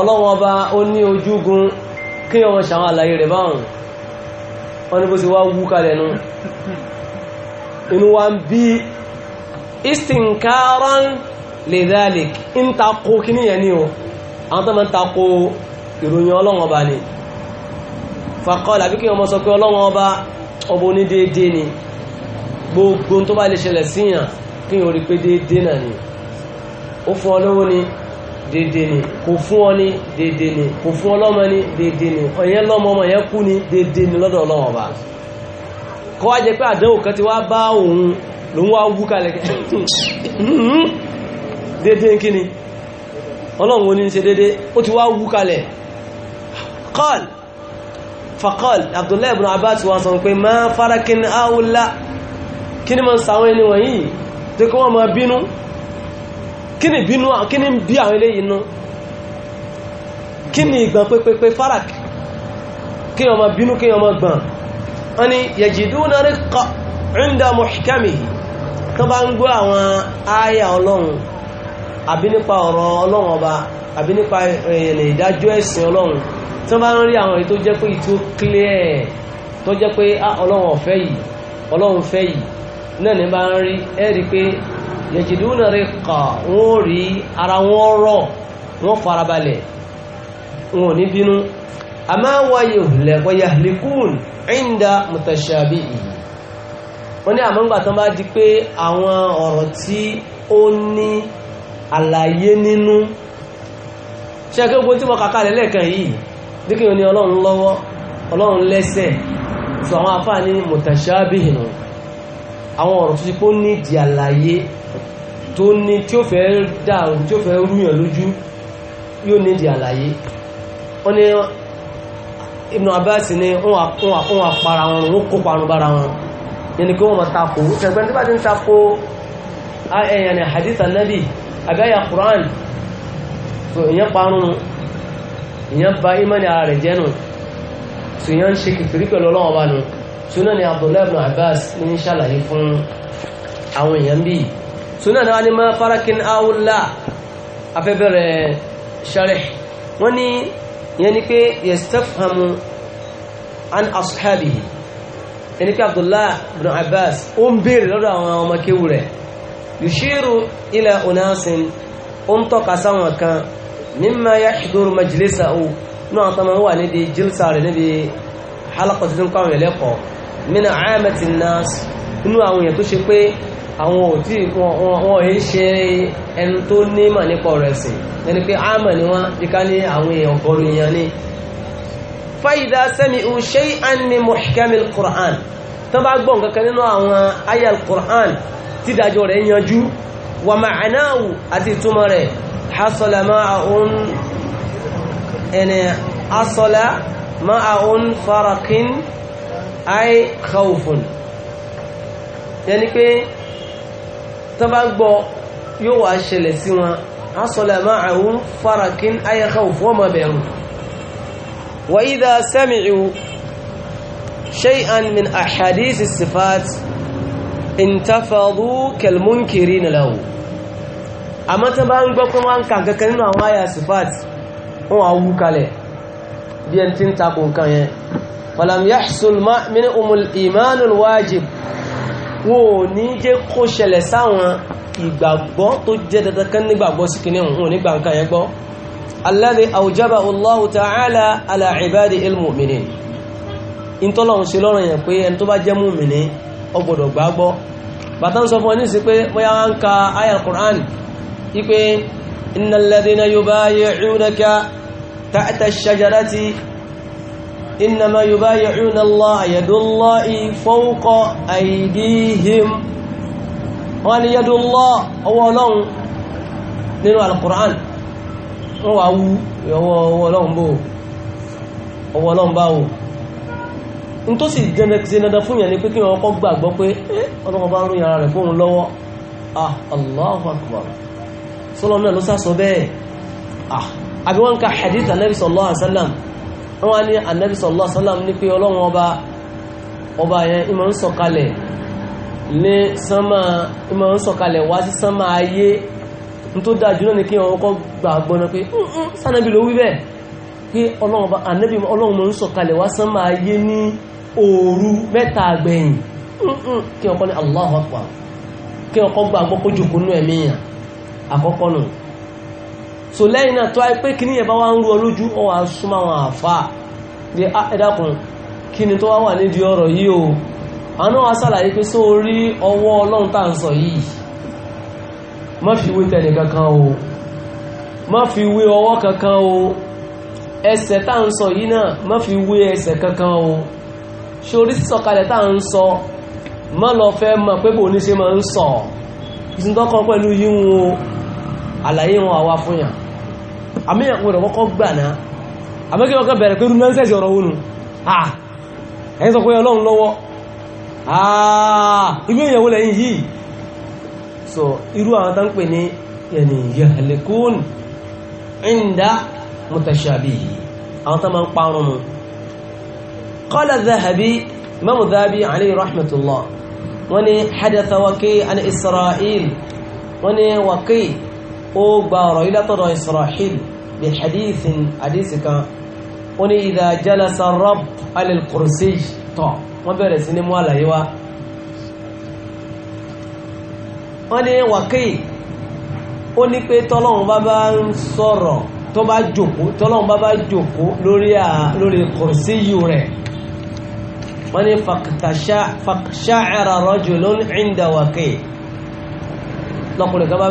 ọlọ́wọ́n bá ó ní ojúgun kí wọ́n ṣàwọn àlàyé rẹ̀ báwọn wọ́n ní bó ti wá wú kalẹ̀ nu inú wa ń bí istinkaran lè dáàlìk ń takò kí níyẹn ni o àwọn tó máa ń takò ìròyìn ọlọ́wọ́n bá ni fàkọ́lá bí kí wọ́n sọ pé ọlọ́wọ́n bá ọbọ̀ onídéédé ni gbogbo tó bá lè ṣẹlẹ̀ síyàn kí wọ́n rí pé déédé náà ni ó fún ọ lówó ni dédé ni kò fún ọ ní dédé ni kò fún ọ lọ́mọ ní dédé ni ọ̀yẹ́ lọ́mọ ọmọ yẹn kú ní dédé ni lọ́dọ̀ ọlọ́wọ́ ọba kọ́ wá jẹ pé àdánwò kan ti wá bá òun lòun wá wú kalẹ̀ dédé kí ni ọlọ́run oní ṣe dédé ó ti wá wú kalẹ̀ qal faqal Abdullahi ibn Abbas wọ́n sọ pé ma farakin aula kí ni ma ń sàwọn ẹni wọ̀nyí tó kí wọ́n ma bínú kí ni bínú kí ni bí àwọn eléyìí nú kí ni ìgbọ̀n pépépé farak kí ọmọ bínú kí ọmọ gbọ̀n wọ́n ni yajiduna riqqa inda muhkamihi tó bá ń gbọ́ àwọn àyà ọlọ́run àbí nípa ọ̀rọ̀ ọlọ́run ọba àbí nípa ìdájọ́ ẹ̀sìn ọlọ́run tó bá ń rí àwọn èyí tó jẹ́ pé ìtú clear tó jẹ́ pé ah, ọlọ́run ọ̀fẹ́ yìí ọlọ́run fẹ́ yìí náà ní bá ń rí ẹ́rí pé yẹ̀jìdúnà rẹ̀ kà wọ́n rí ara wọn rọ̀ wọ́n farabalẹ̀ wọn ò ní bínú àmá wáyé òhùlẹ̀kọ́ yahlikun inda mutashabi yìí wọ́n ní àmọ́ngbà tán bá di pé àwọn ọ̀rọ̀ tí ó ní àlàyé nínú ṣẹ́kẹ́ ogun tí wọ́n kàkà lẹ́lẹ́kan yìí díkẹ́ ní ọlọ́run àwọn ọ̀rọ̀ tó ti kó ní ìdí àlàyé tó ní tí ó fẹ́ dàrú tí ó fẹ́ rúyàn lójú yóò ní di àlàyé wọ́n ní Ibn Abbas ni wọ́n wà para wọn wọ́n kó parun bára wọn yẹn ni kí wọ́n máa takò ṣẹ̀gbẹ́ni tí bá ti ń takò ẹ̀yàn ni hadith anabi àbẹ́yà Quran so ìyẹn parun ìyẹn ba imani ara rẹ̀ jẹ́nu so ìyẹn ń ṣe kìfìrí pẹ̀lú ọlọ́wọ́ bá nu so náà ni Abdullahi Ibn Abbas ní ṣàlàyé fún àwọn èèyàn bíi suna náà ni ma farakin awula afẹ́bẹ̀rẹ̀ sharih wọ́n ni yẹn ni pé yastafhamu an ashabihi ẹni pé abdullah ibn abbas ó ń bèèrè lọ́dọ̀ àwọn ọmọ kéwù rẹ̀ yushiru ila unasin ó ń tọ́ka kan mimma yahduru majlisahu náà tó máa wà níbi jilsa rẹ̀ níbi halakọ̀ tuntun kọ́ mina aamati nas inú àwọn èèyàn tó ṣe pé àwọn òtí wọn èé ṣe ẹni tó nímọ̀ nípa ọ̀rọ̀ ẹ̀sìn ẹni pé àmọ̀ ni wọ́n díká ní àwọn èèyàn ọgọ́rùn èèyàn ni fáyidá sẹ́mi ń ṣe àní mọ̀ṣíkẹ́mi kùrán tó bá gbọ́ nǹkan kan nínú àwọn àyà kùrán tí dájọ́ rẹ̀ yanjú wà màánáwù àti ìtumọ̀ rẹ̀ hasọ̀lá máa ń ń farakin ay yẹni pé tó bá gbọ́ yóò wá ṣẹlẹ̀ sí wọn asọ̀lẹ̀ máa àwọn farakin ayaka òfò ọmọ bẹ̀rù wa idha sami'u shay'an min ahadisi sifat intafadu kalmunkirina lahu àmọ́ tó bá ń gbọ́ pé wọ́n ń ka kankan nínú àwọn àyà sifat wọ́n wá wú kalẹ̀ bí ẹni tí ń takò nǹkan yẹn falam yahsul minhumul imanul wajib wọn ò ní jẹ́ kó ṣẹlẹ̀ sáwọn ìgbàgbọ́ tó jẹ́ dandan kan nígbàgbọ́ sí kìíní òun nígbà nǹkan yẹn gbọ́ alladhi awjaba Allahu ta'ala ala ibadi al-mu'minin ìtọ́lọ́run ṣe lọ́rọ̀ yẹn pé ẹni tó bá jẹ́ mùmìnì ó gbọ́dọ̀ gbàgbọ́ bàtà ń sọ fún ọ sí pé bóyá wọn ka ayà Qur'an ipe innal ladhina yubayi'unaka ta'ta ash-shajarati إنما يبايعون الله يد الله فوق أيديهم وأن يد الله أولا nínú Al-Qur'an wọ́n wà wú بو Ọlọ́run bá wò n tó sì jẹ́ dandan fún ìyàn ni pé kí wọ́n kọ́ gbàgbọ́ pé Ọlọ́run bá ń ròyìn ara rẹ̀ fóun lọ́wọ́ ah Allahu Akbar sọ́lọ́mù náà ló sá sọ bẹ́ẹ̀ ah àbí wọ́n ń ka hadith Ànábì sallallahu alaihi wasallam wọ́n ni anabi sallallahu alaihi wasallam ní pé ọba ọba yẹn ìmọ̀ ń sọ̀kalẹ̀ ní sánmà ìmọ̀ ń sọ̀kalẹ̀ wá sí sánmà ayé n tó dáa jùlọ ní kí wọn kọ́ gbà gbọ́nà pé sanabi ló wí bẹ́ẹ̀ pé ọba anabi wá sánmà ayé ní mẹ́ta gbẹ̀yìn kí wọn kọ́ ní kí wọn kọ́ kó jòkó ẹ̀mí yàn so lẹ́yìn náà tó ayé pé kí ní ẹ̀bá wá ń rú olójú ọ wà súnmọ́ àwọn àfá bí ẹ̀dàkùn kí ni tó wá wà nídìí ọ̀rọ̀ yìí o àánú wa sàlàyé pé só rí ọwọ́ ọlọ́run tá à ń sọ yìí má fi wé tẹ̀lé kankan o má fi wé ọwọ́ kankan o ẹsẹ̀ tá à ń sọ yìí náà má fi wé ẹsẹ̀ kankan o orí sọ má lọ fẹ́ pé bò ní ṣe máa ń sọ pẹ̀lú o àlàyé wọn àwa fún àmìyàn kò rọ̀kọ́kọ́ gbà náà àmọ́kí ọkọ̀ bẹ̀rẹ̀ pé rúnmọ́ sẹ́sì ọ̀rọ̀ wónú àà ẹ̀yìn sọ pé ọlọ́run lọ́wọ́ àà ibi ìyàwó lẹ́yìn yìí so irú àwọn tán pè ní ẹni yahlekun inda mutashabihi àwọn tán máa ń parun mu qala dhahabi imamu dhahabi alayhi rahmatullah wọ́n ni hadatha waqi an isra'il wọ́n ni waqi ó gba ọ̀rọ̀ yìí látọ̀dọ̀ Israhil bi hadithin hadisi kan ó ní idha jalasa rabb alal kursi tọ̀ wọ́n bẹ̀rẹ̀ sí ní mú àlàyé wa wọ́n ní wàkíì ó ní pé tọ́lọ́run bá bá ń sọ̀rọ̀ tó bá jòkó tọ́lọ́run bá bá jòkó lórí à rẹ̀ wọ́n ní fàkṣáàrà rajulun inda wàkíì lọ́kùnrin kan bá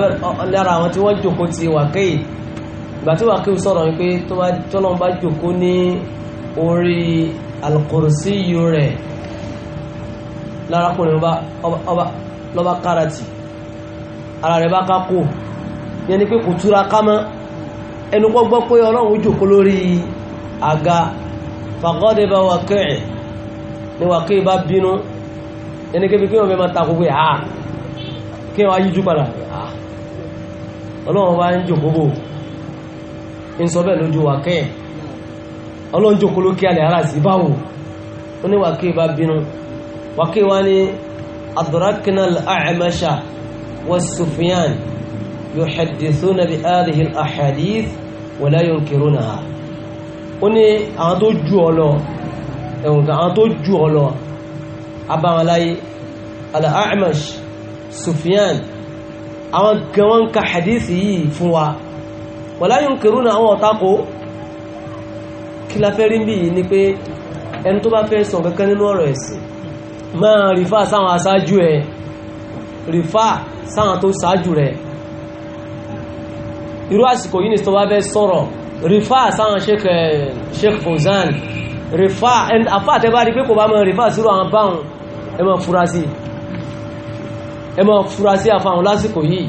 lára àwọn tí wọ́n jòkó ti wàkéyì ìgbà tí wàkéyì sọ̀rọ̀ wípé tọ́lọ́n bá jòkó ní orí alkùrùsíyù rẹ̀ lárakùnrin lọ́ba káràtì ara rẹ̀ bá kákò yẹn ni pé kò túra ká mọ́ ẹnu kọ́ gbọ́ pé ọlọ́run jòkó lórí àga fàgọ́dẹ̀ bá wàkéyì ni wàkéyì bá bínú yẹn ni kébi kí wọ́n fẹ́ máa takò pé ha kí wọ́n yíjú padà ọlọ́run bá ń jòkóbò ń sọ bẹ́ẹ̀ lójú wà kẹ́ẹ̀ ọlọ́run jòkó ló kí alẹ́ ara sí báwò ó ní wàkẹ́ bá bínú wàkẹ́ wá ní adraknal a'masha wa sufiyan yuhaddithuna bi hadhihi al-ahadith wa la yunkirunaha ó ní àwọn tó ju ọ lọ ẹ̀wọ̀n kan àwọn tó ju ọ lọ abáwọn láyé Sufyan àwọn gan ka hadithi yìí fún wa wala yunkiruna àwọn ọ̀tako kí la fẹ́ rí bí yìí ni pé ẹni tó bá fẹ́ sọ kankan nínú ọ̀rọ̀ ẹ̀sìn máa rifa sáwọn aṣáájú ẹ̀ rìfà sáwọn tó ṣáájú rẹ̀ irú àsìkò yìí ni tó bá fẹ́ sọ̀rọ̀ rìfà sáwọn Sheikh Fawzan rìfà àfà àtẹ́bá rí pé kò bá mọ̀ rìfà sírò àwọn báhùn ẹ máa fura sí i ẹ máa fura sí àfahàn lásìkò yìí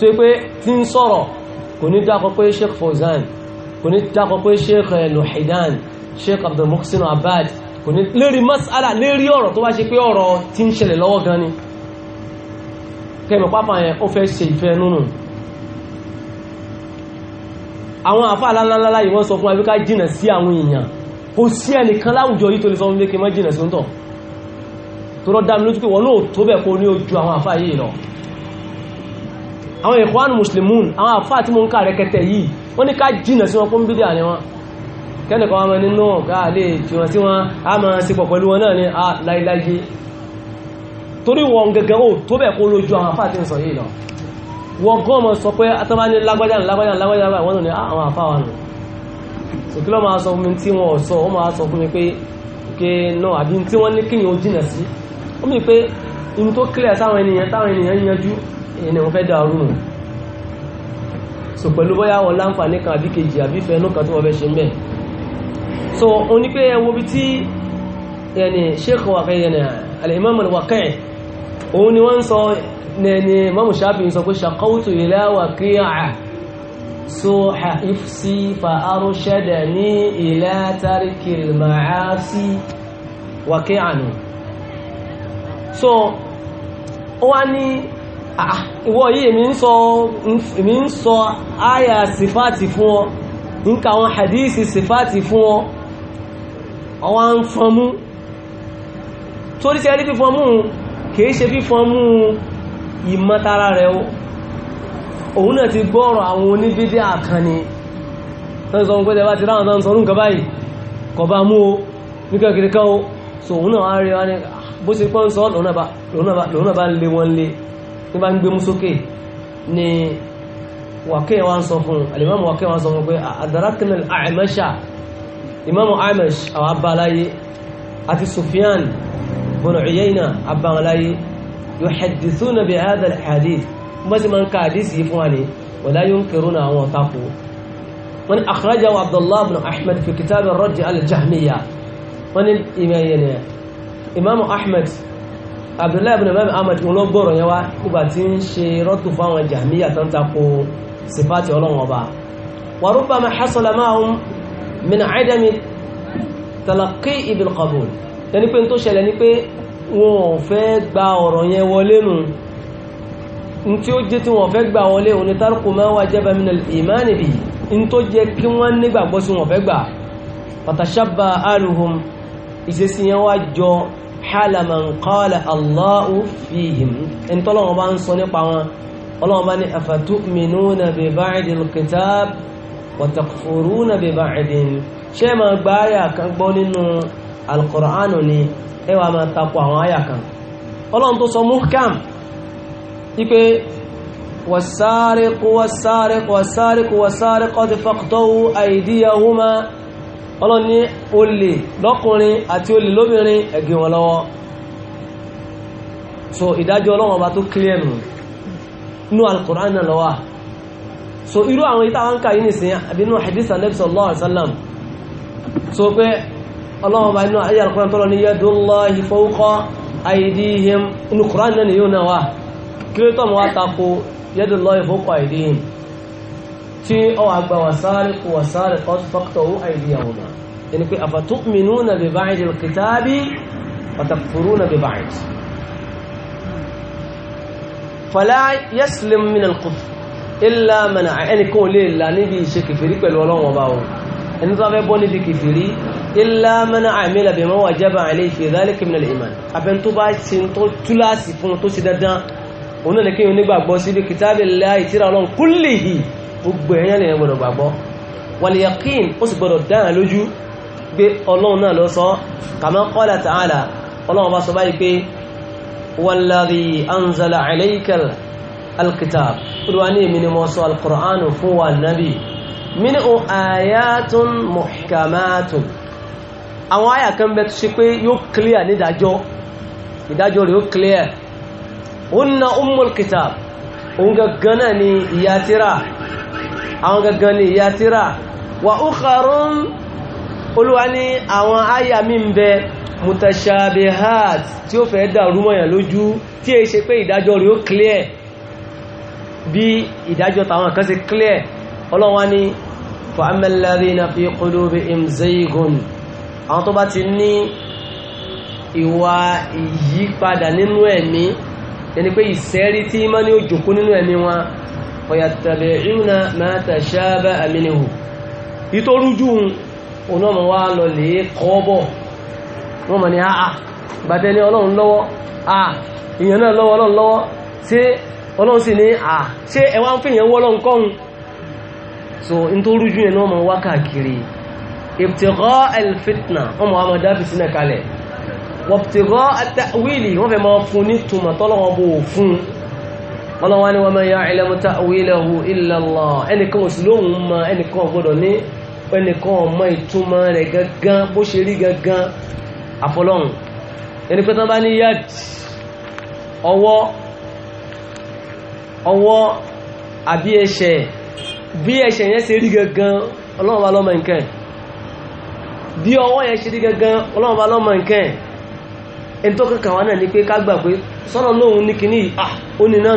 tó pé tí ń sọ̀rọ̀ kò ní dákọ pé sheikh Fawzan kò ní dákọ pé sheikh eh, Luhidan sheikh Abdul Abad kò ní lérí masala lérí ọ̀rọ̀ tó bá ṣe pé ọ̀rọ̀ tí ń ṣẹlẹ̀ lọ́wọ́ gan ni kẹmẹ̀ pápá yẹn ó fẹ́ ṣe ìfẹ́ nínú àwọn àfá alálálá yìí wọ́n sọ fún abíká jìnà sí àwọn èèyàn kò sí ẹnìkan láwùjọ yìí tó lè sọ fún pé kí wọ́n jìnà sí ń tọ̀ tó rọ́ dámi lójú pé wọ́n lóò tó bẹ̀ kó ní ojú àwọn àfá yìí lọ àwọn Ikhwan Muslimun àwọn àfá tí mo ń ká rẹkẹtẹ yìí wọ́n ní ká jìnà sí wọn kó ń bídí àní wọn kẹ́nìkan wọn nínú ọ̀gá lè jù wọn sí wọn a máa sí pọ̀ pẹ̀lú wọn náà ní láíláyé torí wọn gẹ́gẹ́ ó tó bẹ̀ kó lójú àwọn àfá tí ń sọ yìí lọ wọn gọ́ mọ̀ sọ pé atọ́bá kí náà àbí tí wọ́n ní kíyàn ó jìnà sí ó mì pé inú tó clear sáwọn ènìyàn táwọn ènìyàn yanjú ẹni wọ́n fẹ́ dá ọrú nù so pẹ̀lú bóyá wọn láǹfààní kan àbí kejì àbí fẹ́ẹ́nú kan tí wọ́n fẹ́ ṣe ń bẹ̀ so o ní pé ẹwọ́ bí tí ẹni sheikh waqi ẹni al-imam al-waqi òun ni wọ́n sọ ẹni mamu shafi so ó wá ní ah, ìwọ yìí èmi ń sọ àyà sífàtì fún ọ nǹka àwọn hadisi sífàtì fún ọ ọwá ń fọn mú torí tí fífọn mú kìí ṣe fífọn mú ìmọ̀tara rẹ̀ o òun náà ti gbọ́ọ̀rọ̀ àwọn oníbídé àkànni tán sọ pé ti ráwọn tán sọ nǹkan kọba mú o ní o so òun náà wá rí wá bó ṣe pọ́n sọ lòun bá lé wọn lé ní bá ń gbé mú sókè ni wàkẹ́ wa ń sọ fún alìmọ́mù wàkẹ́ wa ń sọ fún pé àdárákìnà àìmẹ́ṣà imamu aimesh àwọn abalaye àti Sufyan bin Uyayna abalaye yuhaddithuna bi hadha al-hadith bó ṣe máa ń ka hadith yìí fún wa ni imamu ahmed abdullahi ibn imamu ahmed wọn lọ gbọ́rọ̀ yẹn wá nígbà tí ń ṣe rọ́tù fáwọn jahmiya tó ń tako sifati ọlọ́wọ́n ọba wa rubbama hasala ma'hum min adami talaqi ibil qabul yẹni pé tó ṣẹlẹ̀ ni pé wọn ò fẹ́ gba ọ̀rọ̀ yẹn wọlé nù n tí ó jẹ́ tí wọ́n fẹ́ gbà wọlé òní tarku ma wajaba min al-iman bi n tó jẹ́ kí wọ́n nígbàgbọ́ wọ́n fẹ́ gbà fatashabba ìṣesí yẹn wá jọ halaman qala Allahu fihim ẹni tọ́lọ́wọ́n bá ń sọ nípa wọn ọlọ́wọ́n bá ní afatu'minuna bi ba'dil kitab wa takfuruna bi ba'din ṣé ma gba àyà kan gbọ́ nínú alkùránù ni ẹ wà máa takò àwọn àyà kan tó sọ muhkam ipe was-sariqu was-sariqu was-sariqu was-sariqu qad ọlọ́run ní olè lọ́kùnrin àti olè lóbìnrin ẹ̀gẹ̀ wọn lọ́wọ́ so ìdájọ́ ọlọ́run ọba tó clear nù nú al náà lọ́wọ́ so irú àwọn ìta wọn kà yìí nìsín àbínú hadith Ànábì sallallahu alaihi wasallam so pé ọlọ́run ọba inú ayé al-Qur'an tọ́lọ ní yadullahi fawqa aydihim inú Qur'an náà nìyóò náà wà kí ló tọ́ mọ́ wa tako yadullahi fawqa aydihim tí ọ àgbà wàsáàrí kò wàsáàrí ọtí fọ́kítọ̀ ó àìdí àwọn ọmọ ẹni pé àfàtúkùnmínú na bí báyìí lè kìtàbí pàtàkùrú na bí báyìí fàlá yẹ́sìlẹ̀m min al-kufr illa mana ẹni kò lè là níbi ìṣe kìfìrí pẹ̀lú ọlọ́wọ́n ọba o ẹni tó fẹ́ bọ́ níbi kìfìrí illa mana àmìlà bima wajaba alayhi fi dhalika min al-iman abẹ́ tó bá ti tó túláàsì fún tó ti dandan òun náà ni kí n nígbàgbọ́ síbi kìtàbí láì kullihi gbogbo ẹ̀yẹ́ lè gbọdọ̀ gbàgbọ́ wal yaqin ó sì gbọdọ̀ dáhà lójú pé ọlọ́run náà ló sọ kama qala ta'ala ọlọ́run bá sọ báyìí pé walladhi anzala alayka alkitab olúwa ní èmi ni mo sọ alkùránù fún wa nábi minhu ayatun muhkamatun àwọn àyà kan bẹ tó ṣe pé yóò clear ní ìdájọ́ ìdájọ́ rẹ̀ yóò clear hunna ummul kitab òun gangan ni ìyá àwọn gangan ni ìyá tíra wà ukharun olúwa ní àwọn àyà mi ń bẹ mutashabihat tí ó fẹ́ dàrú mọ́yàn lójú tí è ṣe pé ìdájọ́ rí ó clear bí ìdájọ́ tàwọn kan ṣe clear ọlọ́run ní fa ammal fi qulubihim zaygun àwọn tó bá ti ní ìwà ìyípadà nínú ẹ̀mí ẹni pé ìsẹ́rí tí mọ́ ní òjòkó nínú ẹ̀mí wọn fayattabi'una ma tashabaha minhu ìtorújú òun ọmọ wa lọ lè kọ́ bọ̀ wọ́n mọ̀ ní àà ah, ah, gbàtẹ́ ní ọlọ́run lọ́wọ́ àà ah, èèyàn náà lọ́wọ́ ọlọ́run lọ́wọ́ ṣé ọlọ́run sì ní à so n tó rújú yẹn náà mọ̀ wá káàkiri ibtigha al-fitna wọ́n mọ̀ àmọ́ dábì sínú kalẹ̀ wabtigha at-ta'wili wọ́n ọlọ́wọ́ ni wọ́n mẹ́yà ìlẹ́mú ta'wilahu illa Allah ẹnìkan òsì lóhun ma ẹnìkan ọgbọ́dọ̀ ní ẹnìkan ọmọ ìtumọ̀ rẹ̀ gangan bó ṣe rí gangan àfọlọ́hun ẹni pé tán bá ní yad ọwọ́ ọwọ́ àbí ẹsẹ̀ bí ẹsẹ̀ yẹn ṣe rí gangan ọlọ́wọ́ lọ́mọ nǹkan bí ọwọ́ yẹn ṣe rí gangan ọlọ́wọ́ lọ́mọ nǹkan ẹni tó kankan wá náà ni pé ká gbà pé sọ́nà lóhun ní kinní ah ó ní náà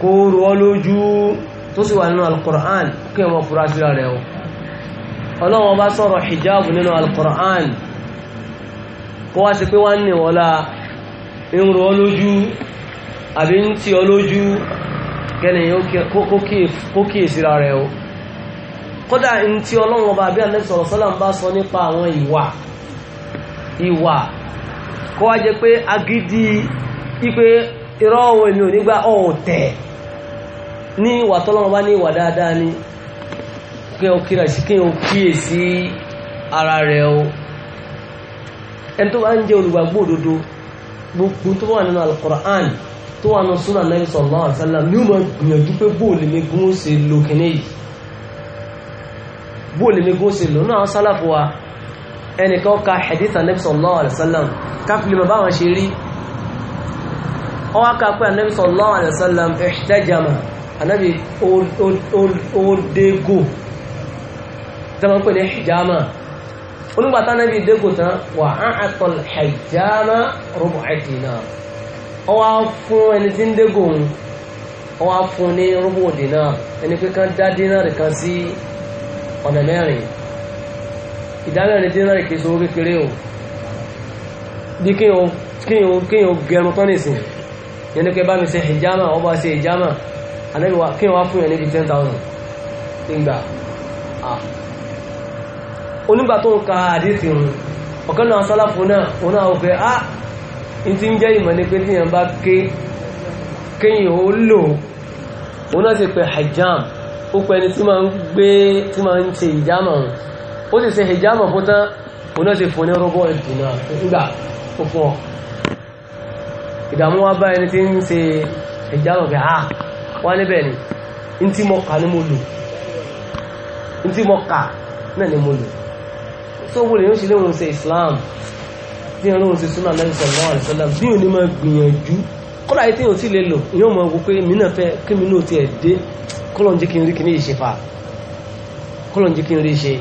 kó rọ lójú tó sì wà nínú alkùrán kí ẹmọ fura sí rẹ̀ o ọlọ́wọ́n bá sọ̀rọ̀ hijab nínú alkùrán kó wá sí pé wá ní wọ́lá ń rọ lójú àbí ń tí ọ lójú kẹ́ni kó kíyè síra rẹ̀ o kódà ń tí ọlọ́wọ́n bá bí ipe irọ́ òun èmi ò nígbà ọ̀tẹ̀ ní ìwà tọ́lọ́wọ́ bá ní ìwà dáadáa ni kí o kíra sí kí o kíyè sí ara rẹ̀ o ẹni tó bá ń jẹ́ olùgbàgbọ́ òdodo gbogbo tó wà nínú alukur'an tó wà nínú sunnah nabi sallallahu alaihi wasallam ní o máa gbìyànjú pé bóòlù mi gún ó ṣe lo kìnní yìí bóòlù mi gún ó ọwọ́ ká pé nabi sallallahu alaihi anábì ó dégò zama pè ní hijama onígbàtà anábì dégò tán wà án àtọ̀l hijama rubu'ati dinar ó wá fún ẹni tí ń dégò ń ó wá fún ní rubu dinar ẹni pé kan dá dinar kan sí ọ̀nà mẹ́rin ìdámẹ́rin dinar kìí sọ kékeré o bí kí o gẹrun tán nìsín yẹn ní pé bá mi ṣe hijama ọba ṣe hijama ànábì wa kí wọ́n fún yẹn níbi ten thousand ìgbà ah. onígbà tó ń ka àdìsí rùn ọ̀kan náà sálàfò náà òun náà wọ́pẹ́ á ah, n ti ń jẹ́ ìmọ̀ ní pé tí yẹn bá ké kéyìn ó lò òun náà sì pé hijab ó pẹ́ ni tí máa ń gbé tí máa ń ṣe ìjámọ̀ ó sì ṣe ìjámọ̀ fún tán òun náà sì fún ní rọ́bọ̀ ìdùnnà nígbà ó fún ọ ìdààmú wa bá ẹni tí ń ṣe ìjámọ̀ pé á ah, wọ́n níbẹ̀ ni ntí mo kà ni mo lò ntí mo kà náà ni mo lò tó wọlé yóò ṣe léwọn ṣe Islam bí wọn lóun ṣe súnà lẹ́yìn sọ̀rọ̀ àwọn àlùfẹ́lá bí òní máa gbìyànjú kọ́lá yìí tí yóò ti lè lò yóò mọ̀ wípé èmi náà fẹ́ kí mi náà tiẹ̀ dé kọ́lọ̀ ń jẹ́ kí n rí kí ní ìṣe fa kọ́lọ̀ ń jẹ́ kí n rí ṣe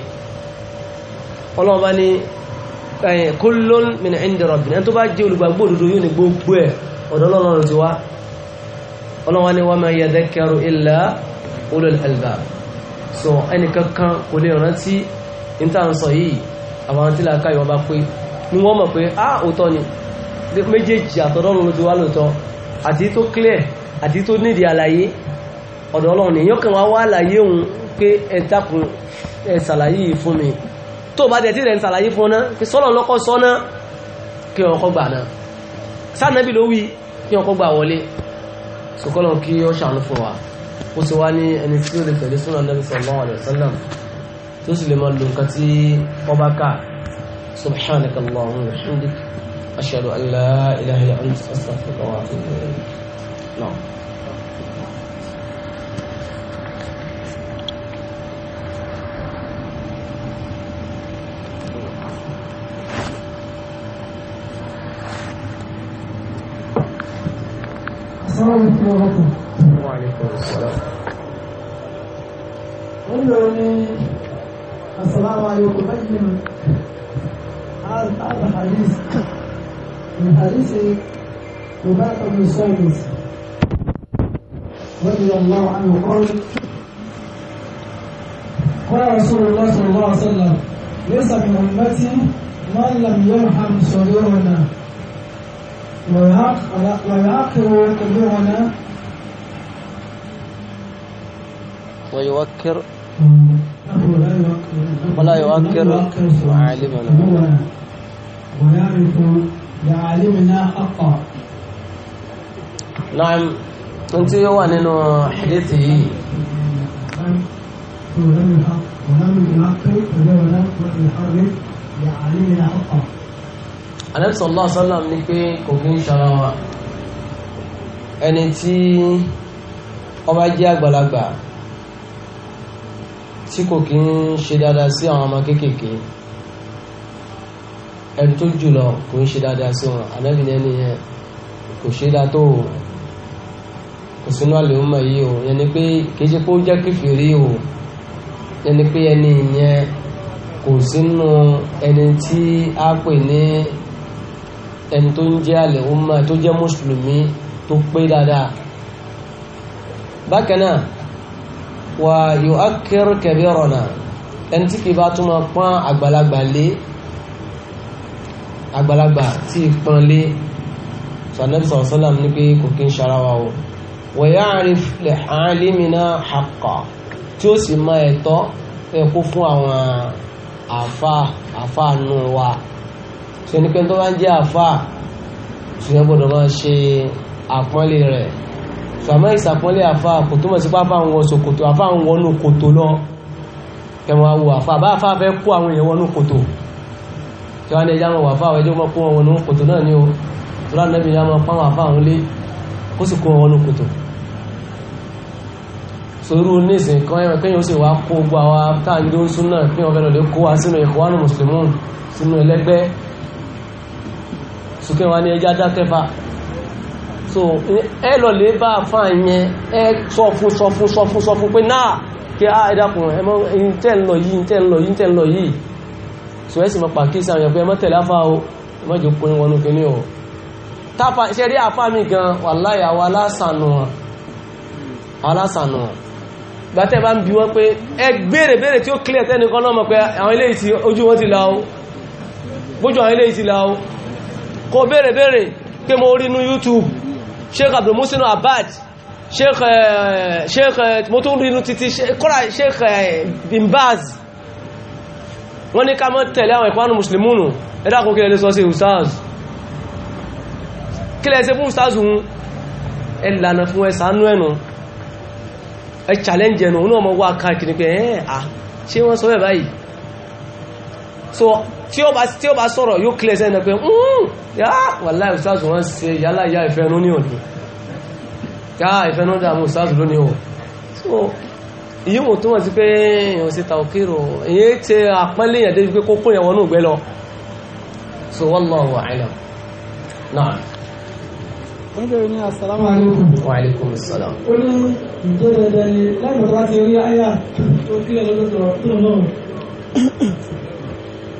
ọlọ́run bá ní kullun min indi rabbina ẹni tó bá jẹ́ olùgbàgbọ́ òdodo yóò ní gbogbo ẹ̀ ọ̀dọ̀ ọlọ́run ti wá ọlọ́wọ́n ni wọ́n máa yadhakkaru illa ulul albab so ẹni kankan kò lè rántí níta ń sọ yìí àwọn tí làákà ìwọ̀n bá pé ní wọ́n mọ̀ pé á òótọ́ ni méjèèjì àtọ̀dọ́rùn ló ti wá lóòótọ́ àti tó clear àti tó nídìí àlàyé ọ̀dọ̀ ọlọ́run ni yọ́kàn wá wá àlàyé òun pé ẹ dákun ẹ ṣàlàyé yìí fún mi tó bá dẹ̀ tí rẹ̀ ń ṣàlàyé fún ọ náà fi sọ́lọ̀ lọ́kọ́ sọ kí ọkọ̀ gbà náà sáà ló wí kí ọkọ̀ gbà wọlé sọkọlọ kí ó ṣàánú fún wa ó ti wá ní ẹni tí ó lè tẹ̀lé súnà nàbí sallallahu alaihi wasallam tó sì lè máa lo nǹkan tí wọ́n bá kà subhanaka allahumma wa bihamdik ashhadu an ilaha illa anta astaghfiruka wa atubu ilayk náà. السلام عليكم بين هذا هذا الحديث من حديث عبادة بن سويد رضي الله عنه قال قال رسول الله صلى الله عليه وسلم ليس من أمتي من لم يرحم صغيرنا ويؤكر ولا يؤكر معالمنا ويعرف لعالمنا حقا نعم انت هو انه حديثي ولم يؤكر ولم ويحرم لعالمنا حقا anẹ́sọ̀lá sọ́làm ní pé kò kí ń ṣara wa ẹni tí ọba jẹ́ àgbàlagbà tí kò kí ń ṣe dáadáa sí àwọn ọmọ kéékèèké ẹni tó jùlọ kò ń ṣe dáadáa sí wọn ànábì ní ẹni yẹn kò ṣe dáa tó o kò sínú àlèhùnmọ̀ yìí o yẹn pé kì ṣe pé jẹ́ kèfèrí o yẹn pé ẹni yẹn kò sínú ẹni tí a pè ní ẹni tó ń jẹ́ alẹ́ umma tó jẹ́ mùsùlùmí tó pé dáadáa bákan náà wà yóò akẹ́rù kẹ̀bí ọ̀rọ̀ náà ẹni tí kì bá tún máa pọ́n àgbàlagbà lé àgbàlagbà tí pọ́n lé sànẹ́bí sọ̀rọ̀ ní pé kò kí ń ṣara wa o wa ya'rif li alimina haqqa tí ó sì máa ẹ̀tọ́ ẹ̀kú fún àwọn àfa àfa nù wa so ní pé tó bá ń jẹ́ àfà ṣùgbọ́n gbọ́dọ̀ máa ṣe àpọ́nlé rẹ̀ so àmọ́ ìsàpọ́nlé àfà kò túmọ̀ sí pápá ń wọ ṣòkòtò àfà ń wọnú kòtò lọ kẹwọn wo àfà bá àfà fẹ́ kó àwọn èèyàn wọnú kòtò tí wọ́n á ní ẹja wọn wọ àfà ẹjọ́ wọn kó wọn wọnú kòtò náà ni o tó láti lẹ́bi ìyá wọn pàwọn àfà àwọn lé kó sì kó wọn wọnú kòtò sorú nísìn kan ẹ̀rọ kéèyàn sì wá kó gbogbo àwa táà ń sún náà kí wọ́n fẹ́ kó wa sínú Ikhwanul Muslimun sínú ẹlẹ́gbẹ́ sókè wọn ni ẹjá dákẹ́fà so ẹ lọ lè bá àfà yẹn ẹ sọ fún sọ fún sọ fún sọ fún pé náà kí á ah, ẹ̀dàkùn ẹmọ ìntẹ́ ń lọ yìí ìntẹ́ ń lọ yìí ìntẹ́ ń lọ yìí so ẹ sì mọ pàkíyèsí àwọn ẹ̀fẹ́ mọ́tẹ̀lẹ́ àfà o mọ́jọ kún wọnú kìíní o tápa ṣe rí àfà mi gan wàláyà wa lásànù wọn alásànù wọn gbàtẹ́ bá ń bi wọ́n pé ẹ béèrè béèrè tí ó clear tẹ́nìkan náà mọ̀ pé àwọn ilé ìsì ojú wọn ti la o bójú àwọn ilé ìsì la o kò béèrè béèrè pé mo rí inú youtube sheikh abdul musinu abad sheikh eh, sheikh eh, mo tún rí inú títí kọ́ra sheikh eh, bin baz wọ́n ní ká mọ́ tẹ̀lé àwọn ìpánu mùsùlùmúnù ẹ̀dàkùn kí lè sọ sí ustaz kí lè ṣe fún ustaz hun ẹ lànà fún ẹ sànú ẹnu ẹ challenge ẹnu ní ọmọ wá káàkiri pé ẹ́ à ṣé wọ́n sọ bẹ́ẹ̀ báyìí tí ó bá tí ó bá sọ̀rọ̀ yóò kílẹ̀ sẹ́yìn náà pé hmm, wàláì ustaz wọ́n ṣe yálà ya ìfẹ́nú ní òní yá ìfẹ́nú dàmú ustaz lónìí o so èyí wò túmọ̀ sí pé èèyàn ṣe tàwọn kérò èyí ṣe àpọ́nlé yẹn débi pé kókó yẹn wọnú ìgbẹ́ lọ so wallahu a'lam náà. wọ́n bẹ̀rẹ̀ ní assalamu alaikum. wa alaikum assalam. ó ní ìjẹ́ dandan ni láì mọ̀ tó bá ti rí àyà tó kílẹ̀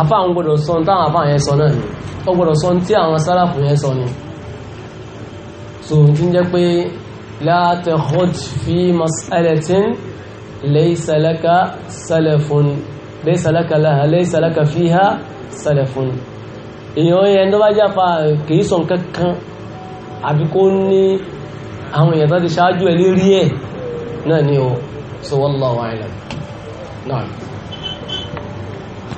àfà àwọn gbọdọ̀ sọ táwọn àfà yẹn sọ náà ni ó gbọdọ̀ sọ tí àwọn sálàfù yẹn sọ ni so tí ń jẹ́ pé la takhud fi mas'alatin laysa laka salafun laysa laka laha laysa laka fiha salafun èèyàn yẹn tó bá jáfa kìí sọ nǹkan kan àbí kó ní àwọn èèyàn tó ti ṣáájú ẹ̀ lérí ẹ̀ náà ni ó so wallahu a'lam náà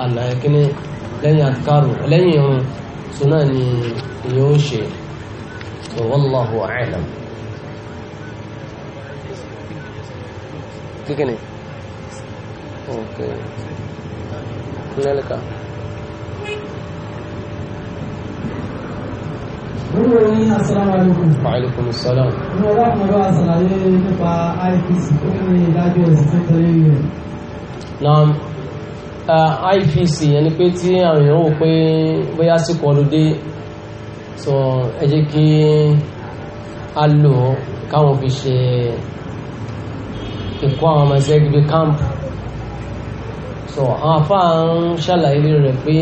àlàyékíní lẹ́yìn àtikárù lẹ́yìn irun tó náà ni ìyẹn ó ṣe tó wallahu a'lam. kíkìnì ok kúnlẹ́lẹ́ka. Olúwo ní asalaamu alaykum. Wa alaykum salaam. Ní ọlá kan bá aṣàlàyé nípa IPC, ó ní ìdájọ́ ẹ̀sìn tó ń tẹ̀lé rẹ̀. Naam. IFC yẹn ni pé tí àwọn èèyàn wò pé bóyá síkò ọlọ́dẹ sọ ẹ jẹ́ kí a lò ó káwọn fi ṣe ìkó àwọn ọmọ ẹsẹ gbígbé káàmpù sọ àwọn afáà ń ṣàlàyé rẹ̀ pé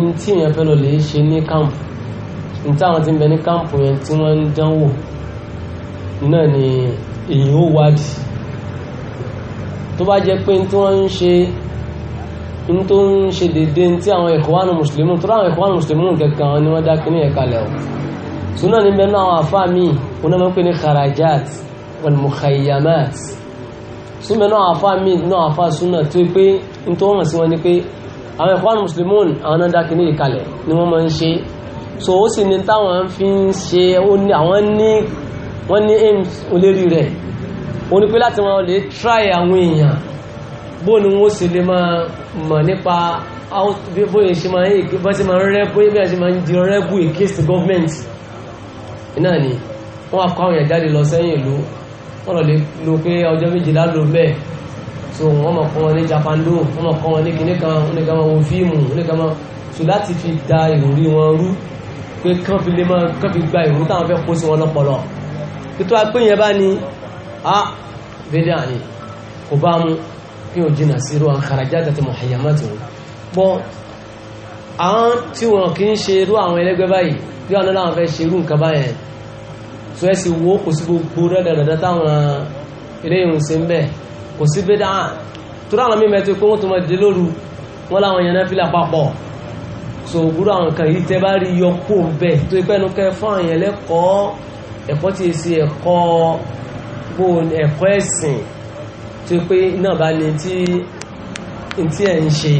ní tí èèyàn fẹ́ lọ lè ṣe ní káàmpù ní táwọn ti ń bẹ ní káàmpù yẹn tí wọ́n ń dánwò náà ni èyí ó wádìí tó bá jẹ́ pé tí wọ́n ń ṣe ń tó ń ṣe dédé tí àwọn ikhwanu muslimun tó láwọn ikhwanu muslimun kankan ni wọ́n dá kíní ẹ̀ka lẹ̀ o ní bẹ́ẹ̀ àwọn afá mi wọn náà máa ń pè ní kharajat wal mukhayyamat tó bẹ́ẹ̀ náà àwọn afá mi náà afa súnà tó pé ń tó wọ́n sí wọn ni pé àwọn ikhwanu muslimun àwọn náà dá kíní ẹ̀ka lẹ̀ ni wọ́n máa ń ṣe so ó sì ní táwọn fi ń ṣe àwọn ní aims olérí rẹ̀ o ní pé láti wọn lè try àwọn èèyàn bó ni wọ́n sì lè máa mọ̀ nípa bóyá ṣe máa ń bá ṣe máa rẹ́ bóyá bí a ṣe máa ń di rẹ́bù against government náà ni wọ́n á kọ́ àwọn èèyàn jáde lọ sẹ́yìn ìlú wọ́n lọ lè lo pé ọjọ́ méjìlá ló bẹ́ẹ̀ so wọ́n mọ̀ kọ́ wọn ní japando wọ́n mọ̀ kọ́ wọn ní kinní kan wọ́n ní ká máa wo fíìmù wọ́n ní ká máa so láti fi da ìròrí wọn rú pé kán fi lè máa kán fi gba ìròrí táwọn fẹ́ kó sí wọn lọ́pọlọ a bídíà ni kò bá mú kí o jìnà sí irú àkàràjá àti mọ̀hàyàmátì wọn bọ́ àwọn tí wọn kì í ṣe irú àwọn ẹlẹ́gbẹ́ báyìí bí wọn náà fẹ́ ṣe irú nǹkan báyẹn tó ẹ sì wo kò sí gbogbo rẹ́dàdàdà táwọn eré ìrùn sí ń so gbúrú àwọn kan yìí tẹ́ bá rí yọ kó ń bẹ̀ tó ipẹ́nu kẹ fún àyẹ̀lẹ́kọ̀ọ́ ẹ̀kọ́ tí èsì ẹ̀kọ́ bó ẹ̀kọ́ ẹ̀sìn tí ó pé náà bá ní tí tí ẹ̀ ń ṣe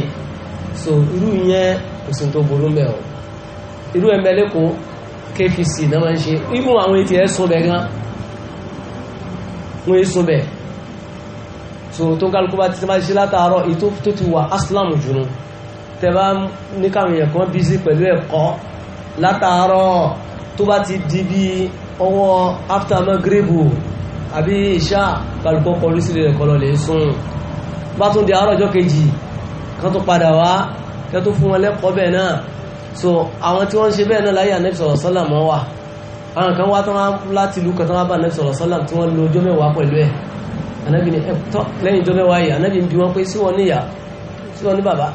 so irú yẹn kò sí tó burú mẹ́ o irú ẹ̀mẹ́ lẹ́kọ̀ọ́ kfc náà máa ń ṣe imú àwọn etí ẹ̀ sún bẹ̀ gan wọ́n sún bẹ̀ so tó ń kálukú bá ti máa ṣe látàárọ̀ èyí tó ti wà aslam jùlọ tẹ bá ní káwọn èèyàn kan bízí pẹ̀lú ẹ̀kọ́ látàárọ̀ tó bá ti di bí ọwọ́ after magrebu àbí ìṣá kálukọ́ kọlu sílẹ̀ rẹ̀ kọlọ lè sùn bá tún di àárọ̀ ọjọ́ kejì kan tó padà wá kan tó fún wọn lẹ́kọ̀ọ́ bẹ́ẹ̀ náà so àwọn tí wọ́n ń ṣe bẹ́ẹ̀ náà láyé ànẹ́bí sọ̀rọ̀ sọ́là mọ́ wà àwọn kan wá tán láti ìlú kan tán wá bá ànẹ́bí sọ̀rọ̀ sọ́là tí wọ́n lo ọjọ́ mẹ́wàá pẹ̀lú ẹ̀ ànẹ́bí ni ẹ̀tọ́ lẹ́yìn ọjọ́ mẹ́wàá yìí ànẹ́bí ń bi wọ́n pé sí wọn níyà sí wọn ní bàbá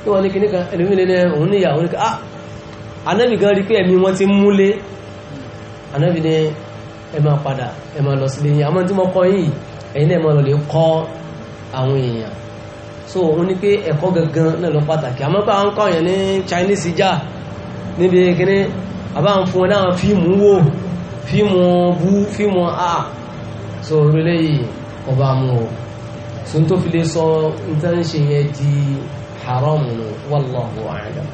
sí wọn ní kíní kan ẹlòmíì ní òun níyà òun ní ká ah! ànẹ́bí gan rí pé ẹ̀mí wọn ti múlé ànẹ́bí ni ẹ máa padà ẹ máa lọ sílé yín àmọ́ tí mo kọ́ yìí ẹ̀yin náà ẹ máa lọ lè kọ́ àwọn èèyàn so òun ni pé ẹ̀kọ́ gangan náà lọ pàtàkì àmọ́ pé àwọn kọ́ yẹn ní Chinese jà níbi kíní àbáwọn fún wọn náà fíìmù wò fíìmù bú fíìmù a so orílẹ̀ yìí ọba mu o so n tó fi lè sọ n tẹ́ ń ṣe yẹn di haram nù wallahu a'lam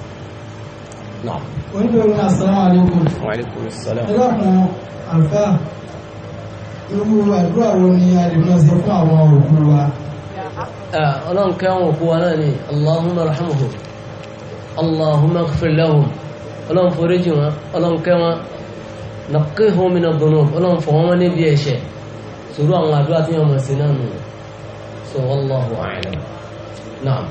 náà. oníbẹ̀rù ní assalamu alaikum. wa alaikum assalam. ẹ dákun àlùfà irú àdúrà wo ni a lè máa ṣe fún àwọn òkú wa. ọlọ́run kẹ́ àwọn òkú wa náà ni allahumma rahmuhu allahumma ighfir lahum ọlọ́run foríjì wọn ọlọ́run kẹ́ wọn nàkíhùn min adh-dhunub ọlọ́run fọ̀ wọ́n níbi ẹ̀ṣẹ̀ sòrò àwọn àdúrà tí wọ́n mọ̀ sí náà nù sọ wallahu a'lam náà.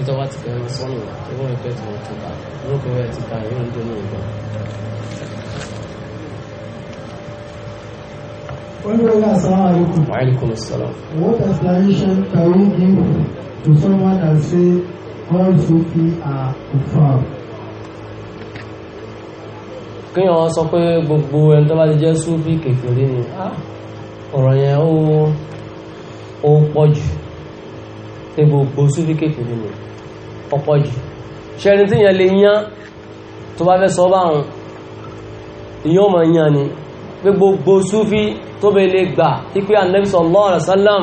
nítorí ti fẹ́ wọn sọ́nù wọn fẹ́ tí wọ́n tó ká lóko rẹ̀ ti ká yóò ń dóná ìgbà. Honorable Assalamu alaikum. Wa alaikum assalam. What explanation can we give to someone that say all Sufi are kufar? Kéèyàn sọ pé gbogbo ẹni tó bá ti jẹ́ Sufi kèfèrí ni ọ̀rọ̀ yẹn ó pọ̀ jù pé gbogbo Sufi kèfèrí ni ọ̀pọ̀ jù ṣẹ́rin tí yẹn lè yán tó bá fẹ́ sọ bá hùn ìyán mọ̀ yán ni pé gbogbo súfí tó bẹ lè gbà ipé Ànábì sallallahu alaihi wasallam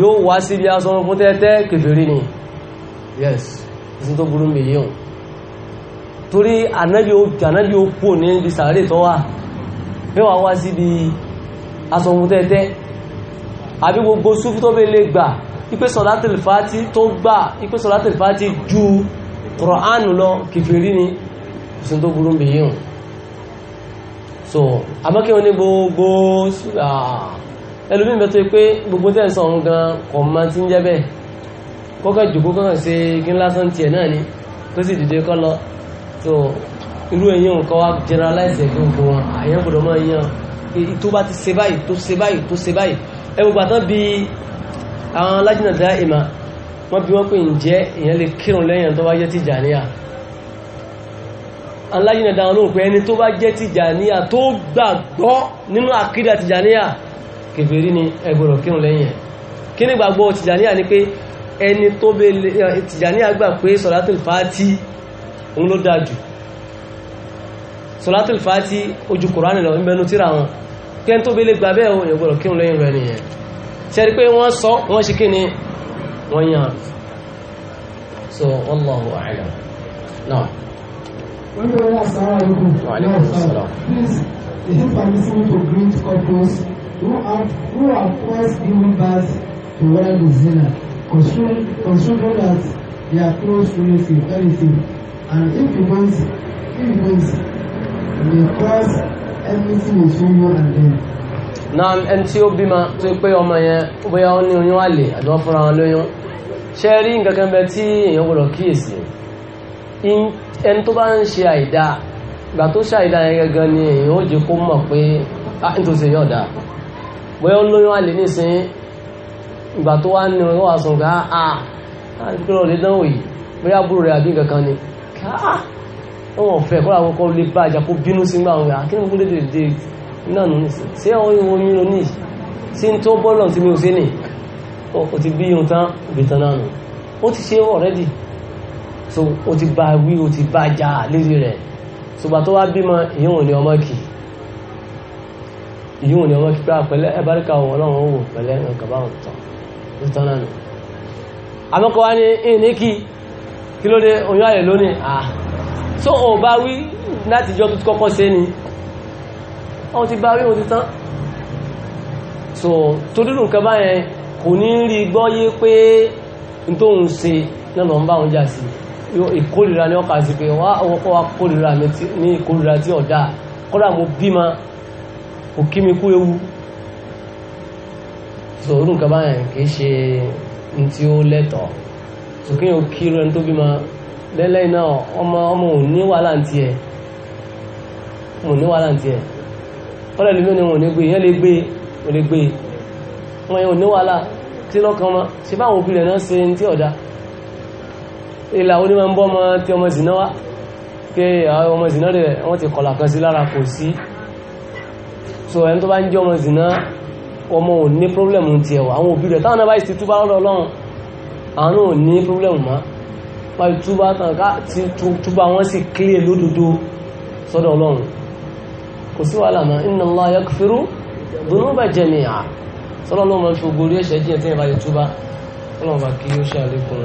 yóò wá sí ibi aṣọ ọmọ fún tẹ́tẹ́ kèfèrí ni yes ìsìn tó burú mi yíò torí Ànábì Ànábì ó pò ní ibi sàárè tó wà pé wà wá sí ibi aṣọ ọmọ tẹ́tẹ́ àbí gbogbo súfí tó bẹ lè gbà ipe sọ̀látìl fàtí tó gbà ipe sọ̀látìl fàtí ju kùránù lọ kìfèrí ni ìsìn tó burú bèyí hùn so àmọ́kí wọn ní gbogbo ẹlòmí mẹ́tọ́ pé gbogbo tẹ́ sọ ọ̀hún gan kọ̀ mọ́ tí ń jẹ́ bẹ́ẹ̀ kọ́kọ́ jòkó sí so irú ẹ̀yìn nǹkan generalize ẹ̀ gbogbo wọn àyẹ̀wò gbọdọ̀ mọ́ ẹ̀yìn tó bá ti ṣe báyìí tó ṣe àwọn lájínà dáìmá wọ́n bí wọ́n pè ń jẹ́ èyàn lè kírun lẹ́yìn tó bá jẹ́ Tìjàníyà àwọn lájínà dáwọn lóhùn pé ẹni tó bá jẹ́ Tìjàníyà tó gbàgbọ́ nínú àkídà Tìjàníyà kèfèrí ni ẹ gbọ́dọ̀ kírun lẹ́yìn kí ni gbàgbọ́ Tìjàníyà ni pé ẹni tó bẹ Tìjàníyà gbà pé Sọ̀látùl Fàátì òun ló dáa jù Sọ̀látùl Fàátì ojú Kùránì lọ ń bẹnu tíra wọn kí ẹni tó bẹ lè gbà bẹ́ẹ̀ sẹ́rí pé wọ́n sọ wọ́n ṣe kíni wọ́n yàn so wallahu a'lam náà. wọ́n yóò wá sára ìlú please is it to greet couples who have who have twice given to one the zina considering considering that they are close relative anything and if you don't if you don't the cause everything is for you and them. na ẹni tí ó bímọ tó pé ọmọ yẹn bóyá ó ní oyún àlè àbí fúnra wọn lóyún ṣe rí nǹkan bẹ tí èèyàn gbọ́dọ̀ kíyèsí ẹni tó bá ń ṣe àìdá ìgbà tó ṣe àìdá yẹn gangan ni èèyàn ó jẹ kó mọ̀ pé á ah, ní tó ṣe yọ̀ dá bóyá ó lóyún àlè nísìn ìgbà tó wá ní oyún àsùn gá à àdúgbò lè dánwò yìí bóyá àbúrò rẹ̀ àbí nǹkan ni ká ah, wọn kó làwọn lè bá náà nù ní sí àwọn omi ló ní sí tó bọ́ọ̀lù tí mi ò sí ní o ti bí irun tán ibi tán náà nù ó ti ṣe already so o ti bá wí o ti bá já lérí rẹ̀ ṣùgbọ́n tó wá bímọ ìyíwọ̀n ni ọmọ kì ìyíwọ̀n ni ọmọ kì pé àpẹẹlẹ ah, ẹbáríkà wọn ọlọ́run ó wò pẹ̀lẹ́ ẹ̀kọ́ báwọn tán ní tán náà nù ah. láti jọ tó kọ́kọ́ ṣe ni ọ ti gbá rí o ti tán so torírù nǹkan báyẹn kò ní rí gbọ́yé pé n tó ń ṣe náà ń bá wọn jà sí ní ọkà sí pé wá ọkọ̀ wa kórìíra ní tí ọ̀dà mo bímọ kò kí mi kú ewu so nǹkan báyẹn kì í n ọ̀rẹ́ lómi ni wọ́n lè gbé yẹn lè gbé wọ́n lè gbé wọ́n yẹn ò ní wàhálà tí lọ́kàn ma ṣe bá àwọn òbílẹ̀ náà ṣe ní tí ọ̀dá ìlà onímọ̀ ń bọ́ ọmọ tí ọmọ ìsìná wá pé ọmọ ìsìná rẹ̀ wọ́n ti kọ̀là kan sí lára kò sí so ẹni tó bá ń jẹ́ ọmọ ìsìná ọmọ ò ní pírọ́blẹ̀mù ti ẹ̀wọ̀ àwọn òbí rẹ̀ táwọn náà bá ti túbá lọ́dọ̀ ọlọ́run àwọn ò ní pírọ́blẹ̀mù má wọ́n ti sọ́dọ̀ ọlọ́run kò sí wàhálà mọ́ inna Allah yaghfiru dhunuba jami'a sọ́lọ́ ló máa ń fi ogorí ẹ̀ṣẹ̀ jìyàn tí yẹn bá lè túbá ọlọ́run bá kí ó ṣe àlékún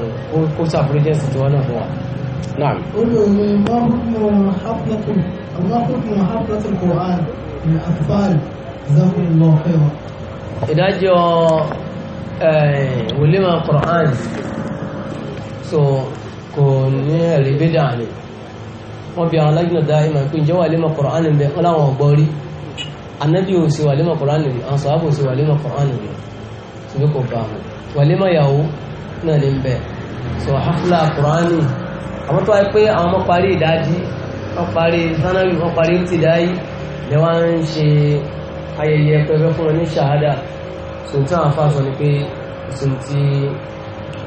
kó sàfúrẹ́jẹ́sì tí wọ́n náà fún wa. Naam. Olùwẹ̀ bá hùwà hàpẹ́tù àwọn hùwà hàpẹ́tù Kùrán ní àfáàlì zákùnlọ ẹwà. so kò ní ẹ̀rí bídà ni wọ́n bí àwọn alájùnà dá ìmọ̀ pé ǹjẹ́ wà lémọ̀ kọ̀rọ̀ánì bẹ wọ́n láwọn ọ̀gbọ́ rí anábì ò sí wà lémọ̀ kọ̀rọ̀ánì rí àwọn sọ̀hábù ò sí wà lémọ̀ kọ̀rọ̀ánì rí ṣùgbọ́n kò bá wọn wà lémọ̀ yàwó náà ní bẹ sọ hafla kọ̀rọ̀ánì àwọn tó wáyé pé àwọn ọmọ parí ìdájí wọ́n parí sanawi wọ́n parí ti dáyí ni wọ́n ń ṣe ayẹyẹ pẹpẹ fún wọn ní ṣahada sọ̀tàn àfàsọ ni pé sọ̀tì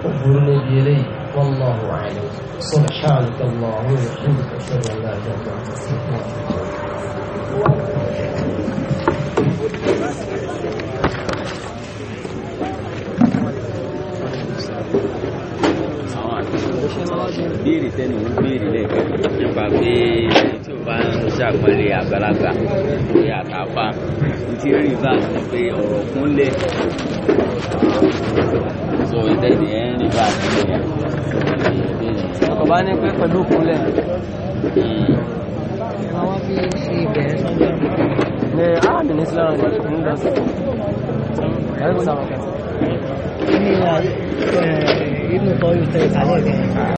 òbúrú níbi eléyìí والله أعلم سبحانك اللهم وبحمدك أشهد أن لا إله إلا أنت أستغفرك Béèrè tẹ́nu ń béèrè lẹ́ẹ̀kan bá ń ṣàpẹẹrẹ àgbàlagbà ní àtàfà tí ó rí bá ti pé ọ̀rọ̀ kúnlẹ̀ sọ ìtẹ́lẹ̀ ẹ̀ ń rí bá ti pé ọba ní pé pẹ̀lú kúnlẹ̀ hmm. àwọn bí ṣe ìbẹ̀rẹ̀ sọ́jọ́ ní àmì ní sílára ní ìlú lọ́sẹ̀ ẹ̀rọ sáwọn kan. ní ìlú kọ́ yóò ìtàlẹ́ ìgbẹ̀rẹ̀.